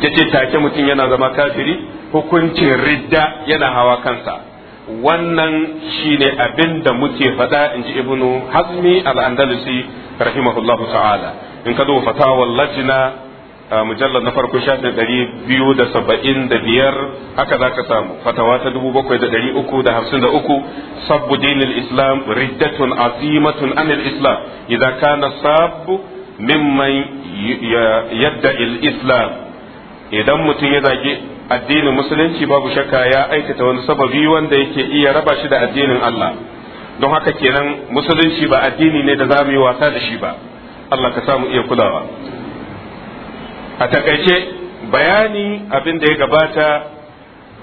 yace take mutum yana zama kafiri hukuncin ridda yana hawa kansa wannan shine abin da muke faɗa in ji ibnu hazmi al-andalusi rahimahullahu ta'ala in ka duba fatawar lajina mujallar na farko shafin ɗari biyu da saba'in da biyar haka za ka samu fatawa ta dubu bakwai da ɗari uku da hamsin da uku sabbu dinin islam riddatun azimatun anil islam idza kana sabbu mimman yadda islam idan mutum ya zage addinin musulunci babu shakka ya aikata wani sababi wanda yake iya raba shi da addinin Allah don haka kenan musulunci ba addini ne da za mu yi wasa da shi ba Allah ka samu iya kulawa a takaice bayani abin da ya gabata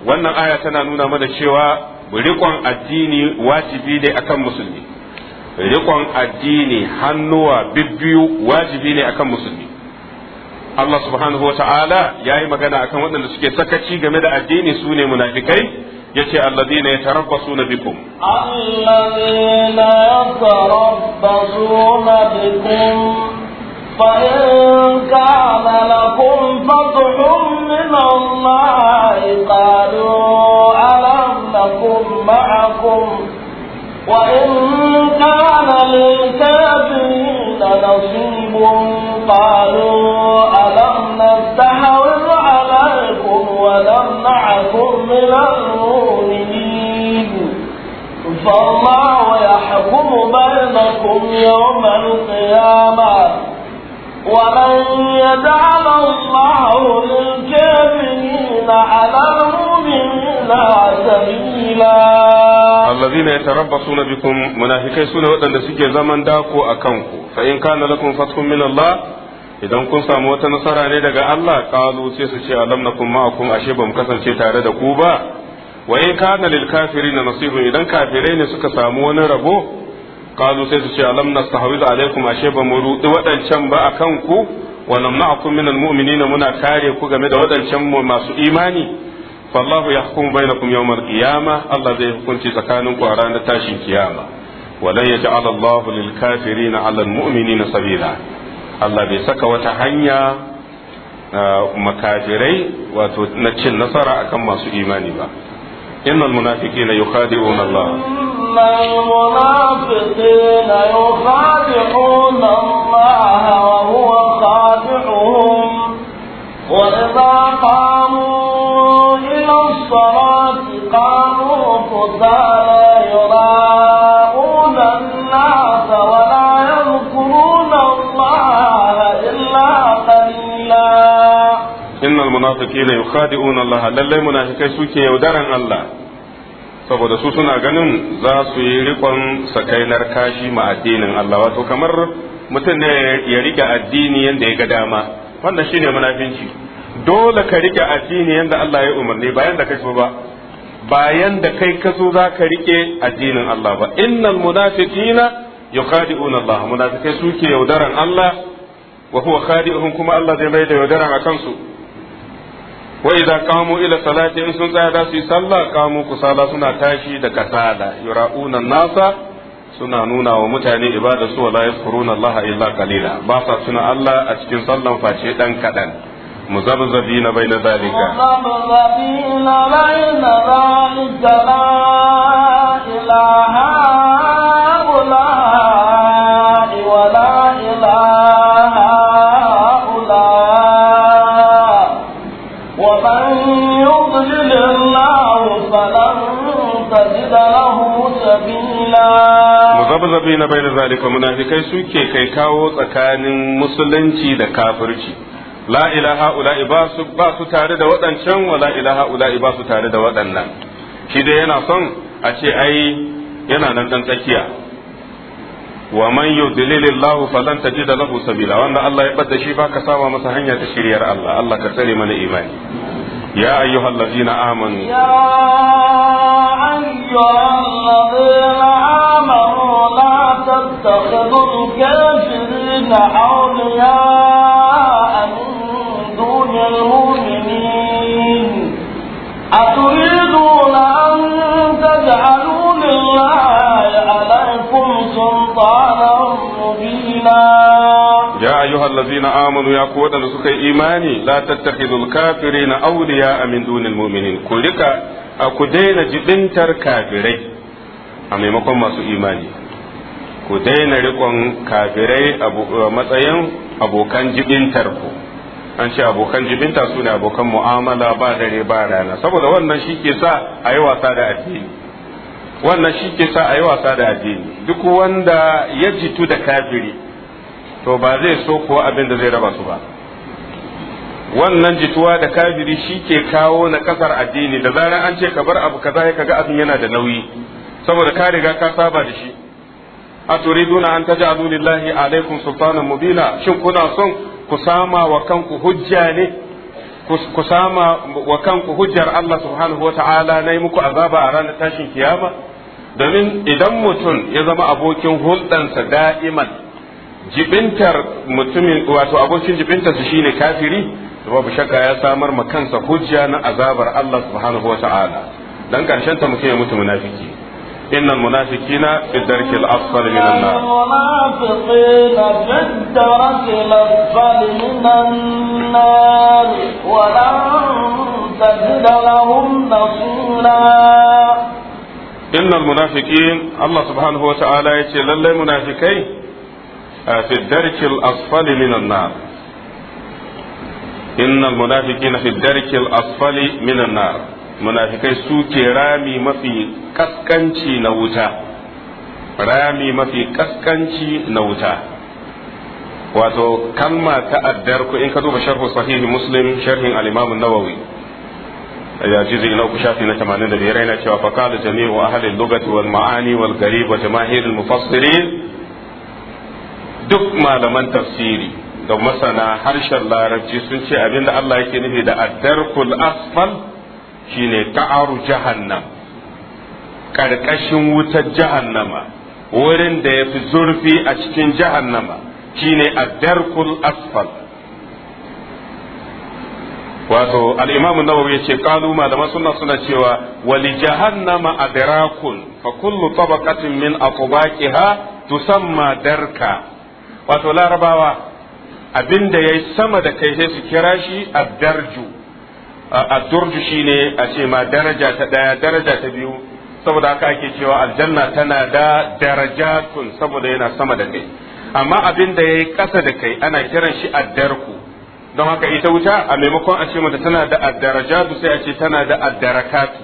wannan aya tana nuna mana cewa riƙon addini wajibi ne akan musulmi riƙon addini hannuwa bibbiyu wajibi ne akan musulmi Allah subhanahu wa ta'ala ya yi magana akan waɗanda suke sakaci game da addini su ne munafikai ya ce alladina ya tarabbasu na bikum. Alladina ya tarabbasu na bikum فإن na لكم فتح من الله قالوا ألم نكن معكم وإن كان للكافرين نصيب قالوا ولم معكم من المؤمنين فالله يحكم بينكم يوم القيامة ومن يجعل الله للكافرين على المؤمنين سبيلا الذين يتربصون بكم منافقين سنة ودن سكي زمن داكو أكنكو فإن كان لكم فتح من الله idan kun samu wata nasara ne daga Allah qalu sai su ce alam kuma ma'akum ashe mu kasance tare da ku ba wa in kana lil na nasibun idan kafirai ne suka samu wani rabo qalu sai su ce alam nastahwiz alaikum ashe bamu rudi wadancan ba akan ku wa namna'akum minal mu'minina muna kare ku game da wadancan masu imani fallahu yahkumu bainakum yawmal qiyamah Allah zai hukunci tsakaninku a ranar tashin kiyama ولن يجعل الله للكافرين على المؤمنين sabila. Allah bai saka wata hanya ah, makafirai wato na cin nasara akan masu imani ba إن المنافقين يخادعون الله إن المنافقين يخادعون الله وهو خادعهم وإذا قاموا إلى الصلاة قاموا كسالى munafiqina yukhadi'una Allah lallai munafikai suke yaudaran Allah saboda su suna ganin za su yi rikon sakainar kashi ma addinin Allah wato kamar mutum ne ya rike addini yadda ya ga dama wannan shine munafinci dole ka rike addini yadda Allah ya umarni bayan da kai so ba bayan da kai ka so za ka rike addinin Allah ba innal munafiqina yukhadi'una Allah munafikai suke yaudaran Allah wa huwa khadi'uhum kuma Allah zai mai da yaudaran a kansu wa idza qamu ila salati in sun tsaya da su sallah qamu kusala suna tashi da kasala yura'una nasa suna nuna wa mutane ibada su wala yadhkuruna Allah illa qalila ba sa suna Allah a cikin sallan face dan kadan مذبذبين بين ذلك مذبذبين بين ذلك لا إله muzabzabi na bai da zalika munafikai suke kai kawo tsakanin musulunci da kafirci la ilaha ula'i ba su ba su tare da waɗancan wa la ilaha ula'i ba su tare da waɗannan shi dai yana son a ce ai yana nan dan tsakiya wa man yudlilillahu falan tajida lahu sabila wanda Allah ya bada shi ba ka sama masa hanya ta shiriyar Allah Allah ka tsare mana imani يا أيها الذين آمنوا يا أيها الذين آمنوا لا تتخذوا الكافرين أولياء الذين amanu ya قوة waɗanda suka yi imani الكافرين أولياء من دون min كلك mu'minin ku rika ku daina jibintar إيماني a maimakon masu imani ku daina rikon kafirai a matsayin abokan an ce abokan jibinta su ne abokan mu'amala ba dare ba rana saboda wannan shi ke sa a yi wasa da addini wannan shi ke sa a yi wasa da addini duk wanda ya jitu da kafiri to ba zai so kuwa abin da zai raba su ba wannan jituwa da kabiri shi ke kawo na kasar addini da zarar an ce ka bar abu kaza ya kaga abin yana da nauyi saboda ka riga ka saba da shi a turiduna an taja lillahi alaikum sultanan mubina shin kuna son ku sama wa kanku hujja ne ku sama wa kanku hujjar Allah subhanahu ta'ala na yi muku azaba a ranar tashin kiyama domin idan mutum ya zama abokin hulɗansa da'iman jibintar mutumin wato abokin jibintar su shine kafiri babu shakka ya samar ma kansa hujja na azabar Allah subhanahu wata'ala dan karshen ta mutum ya mutu munafiki إن المنافقين في الدرك الأسفل من النار المنافقين في fi darkil asfali minan nar innal munafiqina fi darkil asfali minan nar munafikai su rami mafi kaskanci na wuta rami mafi kaskanci na wuta wato kalma ta'addar addarku in ka duba sharhu sahihi muslim sharhin al-imam an-nawawi ya na uku shafi na 85 yana cewa faqala jami'u ahli al-lughati wal ma'ani wal gharib wa jamaahir al-mufassirin duk malaman tafsiri da masana harshen larabci sun ce abinda Allah yake nufi da addarkul asfal shine ta'aru jahannam karkashin wutar jahannama wurin da ya fi zurfi a cikin jahannama shine addarkul asfal wato al'imamu nawawi ya ce kalu malaman suna suna cewa wali jahannama adrakun fa kullu tabaqatin min atbaqiha tusamma darka wato larabawa abin da ya yi sama da kai sai su kira shi addarju addarju shine a ce ma daraja ta ɗaya, daraja ta biyu saboda haka ake cewa aljanna tana da darajatun saboda yana sama da kai amma abin da ya yi ƙasa da kai ana kiran shi addarku don haka ita wuta a maimakon a ce mata tana da addarajatu sai a ce tana da addarakatu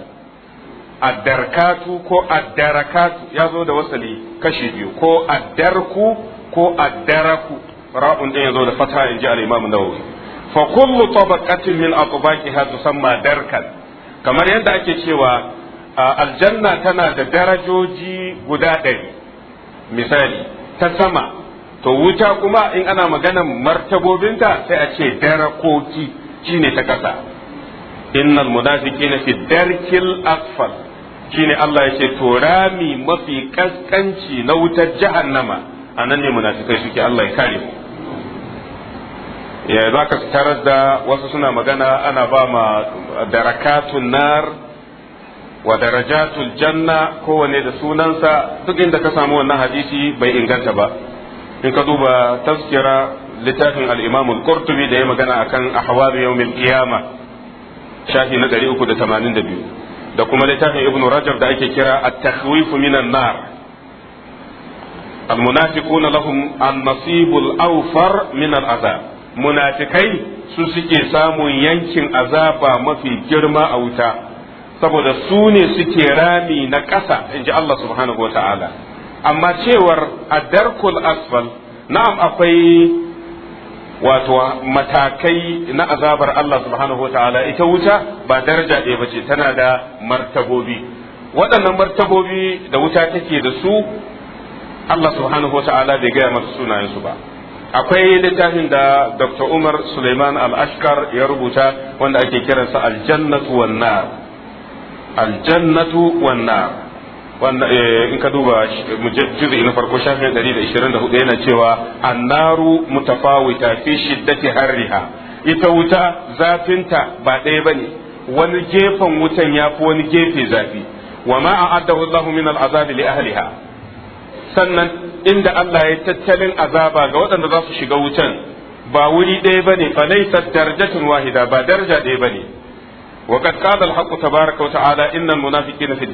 addarkatu ko addarakatu ya zo da wasali kashi biyu ko addarku ko addaraku ra'un din yazo da fata in ji al-imam nawawi fa kullu tabaqatin min atbaqiha tusamma darkan kamar yadda ake cewa aljanna tana da darajoji guda ɗari misali ta sama to wuta kuma in ana maganan martabobinta sai a ce darakoki shine ta kasa innal munafiqina fi darkil asfal shine Allah yace to rami mafi kaskanci na wutar jahannama a nan ne munafikai suke Allah ya kare mu ya za ka tarar da wasu suna magana ana ba ma darakatun nar wa darajatul janna kowane da sunansa duk inda ka samu wannan hadisi bai inganta ba in ka duba tafsira littafin al-imam al-qurtubi da ya magana akan ahwadu yawmil qiyama shafi na 382 da kuma littafin ibnu rajab da ake kira at-takhwif minan nar almunafiquna lahum an-nasibul awfar azab munafikai su suke samun yankin azaba mafi girma a wuta saboda su ne suke rami na ƙasa in ji Allah amma cewar adarkul asfal na'am akwai wato matakai na azabar Allah subhanahu ita wuta ba daraja ɗaya ba ce tana da martabobi waɗannan martabobi da wuta take da su Allah subhanahu wa ta'ala bai gaya masa sunayensu ba akwai littafin da Dr. Umar Suleiman Al-Ashkar ya rubuta wanda ake kiransa Aljannatu wan nar Aljannatu wan wanda eh, in ka duba juz'i na farko shafin 124 yana cewa annaru mutafawita fi shiddati harriha ita wuta zafinta ba ɗaya bane wani gefen wutan yafi wani gefe zafi wa ma a'addahu Allahu min al-azabi li ahliha sannan inda Allah ya tattalin azaba ga waɗanda za su shiga wutan ba wuri ɗaya bane fa laysa darajatun wahida ba daraja ɗaya bane wa qad qala al-haqq tabaaraka wa ta'ala innal munafiqina fi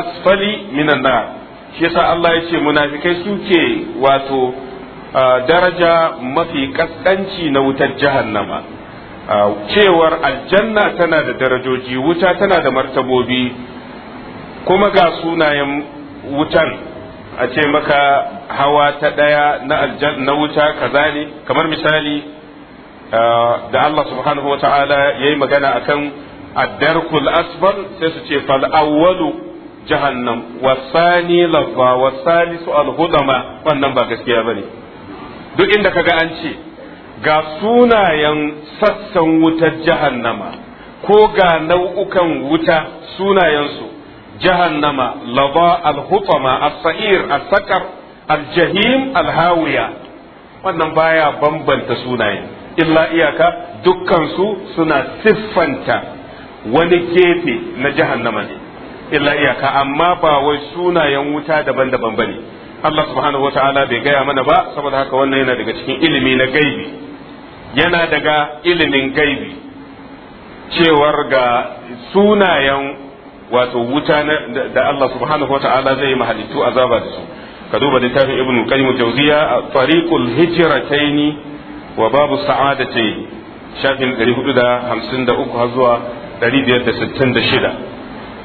asfali minan nar shi yasa Allah ya ce munafikai suke wato daraja mafi kaskanci na wutar jahannama cewar aljanna tana da darajoji wuta tana da martabobi kuma ga sunayen wutan a ce maka hawa ta ɗaya na wuta kaza ne kamar misali ah, da Allah subhanahu wa ta'ala ya yi magana akan addarkul asfal sai su ce fal'awwalu jahannam wasani lafa wasani su alhudama wannan ba gaskiya ba ne duk inda kaga an ce ga sunayen sassan wutar jahannama ko ga nau'ukan wuta sunayensu jahannama laba alhutama الصئير السكر الجهيم الهاوية wannan baya bambanta sunaye illa iyaka dukkansu suna siffanta wani gefe na jahannama ne illa iyaka amma ba wai sunayen wuta daban-daban bane Allah subhanahu wataala bai gaya mana ba saboda haka wannan yana daga cikin ilimi na gaibi yana daga ilimin gaibi cewar ga sunayen wato wuta da Allah subhanahu wata'ala zai yi mahalittu azaba da su ka duba littafin ibnu qayyim jawziya a tariqul hijratayn wa babu sa'adatayn shafin 453 har zuwa 566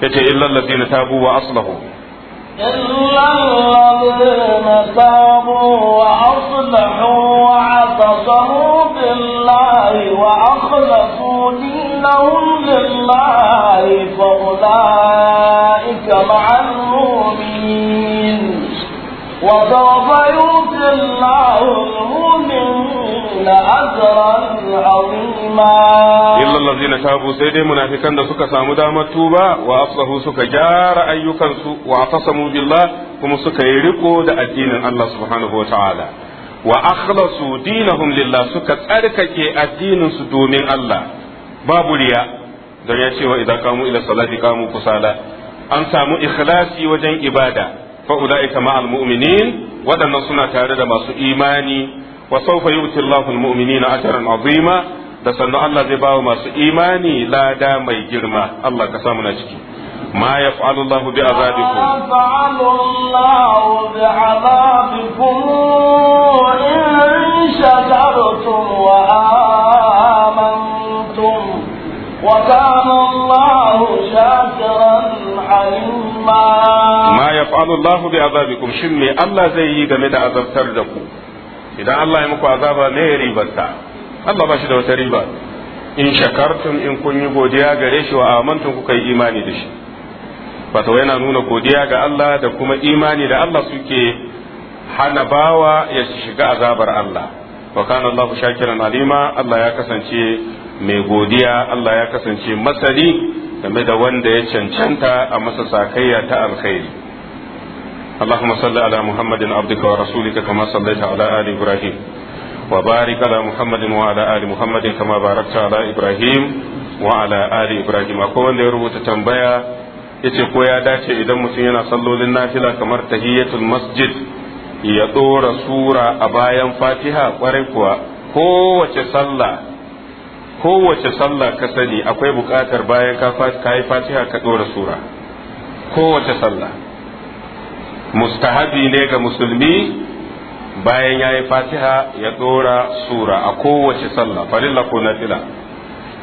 yace illal ladina tabu wa aslahu إلا الذين تابوا وأصلحوا واعتصموا بالله وأخلصوا دينهم لله فأولئك مع المؤمنين وسوف يؤتي الله المؤمنين أجرا عظيما إلا الذين تابوا سيدي منافقا سكا سامو دام التوبة وأصله سكا جار أيكا واعتصموا بالله هم سكا يرقوا دا الدين الله سبحانه وتعالى وأخلصوا دينهم لله سكا تركك الدين سدومين الله باب رياء da ya ce wa idan kamu ila salati kamu kusala an samu ikhlasi wajen ibada fa ulaika ma'al mu'minin waɗannan suna tare da masu imani وسوف يؤتي الله المؤمنين اجرا عظيما ajran azima da sannu Allah zai bawa masu imani lada mai girma Allah ka samu na ciki ما يفعل الله بعذابكم ما يفعل الله بعذابكم إن شكرتم وآمنتم وكان الله شاكرا عليما ما يفعل الله بعذابكم شمي الله زي جمد عذاب تردكم idan Allah ya muku azaba me ribarta Allah ba shi da wata riba in shakartum in kun yi godiya gare shi wa amantum kuka yi imani da shi wato yana nuna godiya ga Allah da kuma imani da Allah suke hana bawa ya shiga azabar Allah wa kana Allahu shakiran alima Allah ya kasance mai godiya Allah ya kasance masani game da wanda ya cancanta a masa sakayya ta alkhairi اللهم صل على محمد عبدك ورسولك كما صليت على آل إبراهيم وبارك على محمد وعلى آل محمد كما باركت على إبراهيم وعلى آل إبراهيم أكون ليروت تنبيا yace ko ya dace idan mutum yana sallolin nafila kamar tahiyatul masjid ya tsora sura a bayan fatiha kwarai kuwa kowace sallah kowace sallah ka sani akwai bukatar bayan ka yi fatiha ka tsora sura kowace sallah mustahabi ne ga musulmi bayan ya yi fatiha ya dora sura a kowace sallah farilla ko fila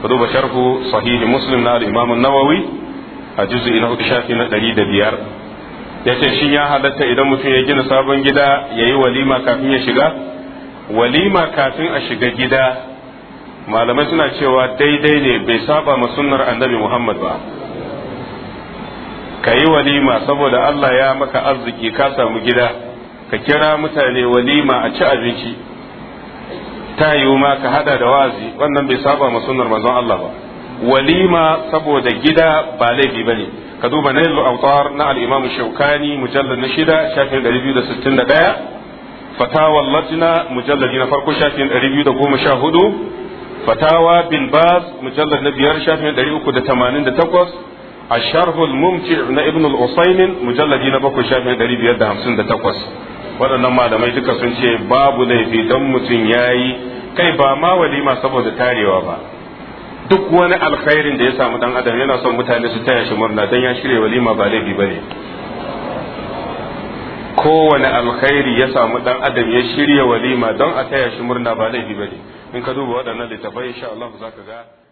ka duba sharhu sahihi muslim na imam nawawi a juzu na hudu shafi na ɗari da biyar ya ce shin ya halatta idan mutum ya gina sabon gida ya yi walima kafin ya shiga walima kafin a shiga gida malamai suna cewa daidai ne bai saba ma sunnar annabi muhammad ba ka yi walima saboda Allah ya maka arziki ka samu gida ka kira mutane walima a ci abinci ta yi ma ka hada da wazi wannan bai saba ma sunnar manzon Allah ba walima saboda gida ba laifi bane ka duba nailul autar na al shaukani mujallar na shida shafin 261 fatawa latina mujallar na farko shafin 214 fatawa bin baz mujallar na biyar shafin 388 a الممتع mumti na ibn مجلد usaymin mujalladi na bakwai shafi ɗari biyar da hamsin da takwas waɗannan malamai duka sun ce babu laifi don mutum ya yi kai ba ma walima saboda tarewa ba duk wani alkhairin da ya samu dan adam yana son mutane su taya shi murna don ya shirya walima ba laifi ba ne kowane alkhairi ya samu dan adam ya shirya walima don a taya shi murna ba laifi ba in ka duba waɗannan littafai insha Allah za ka ga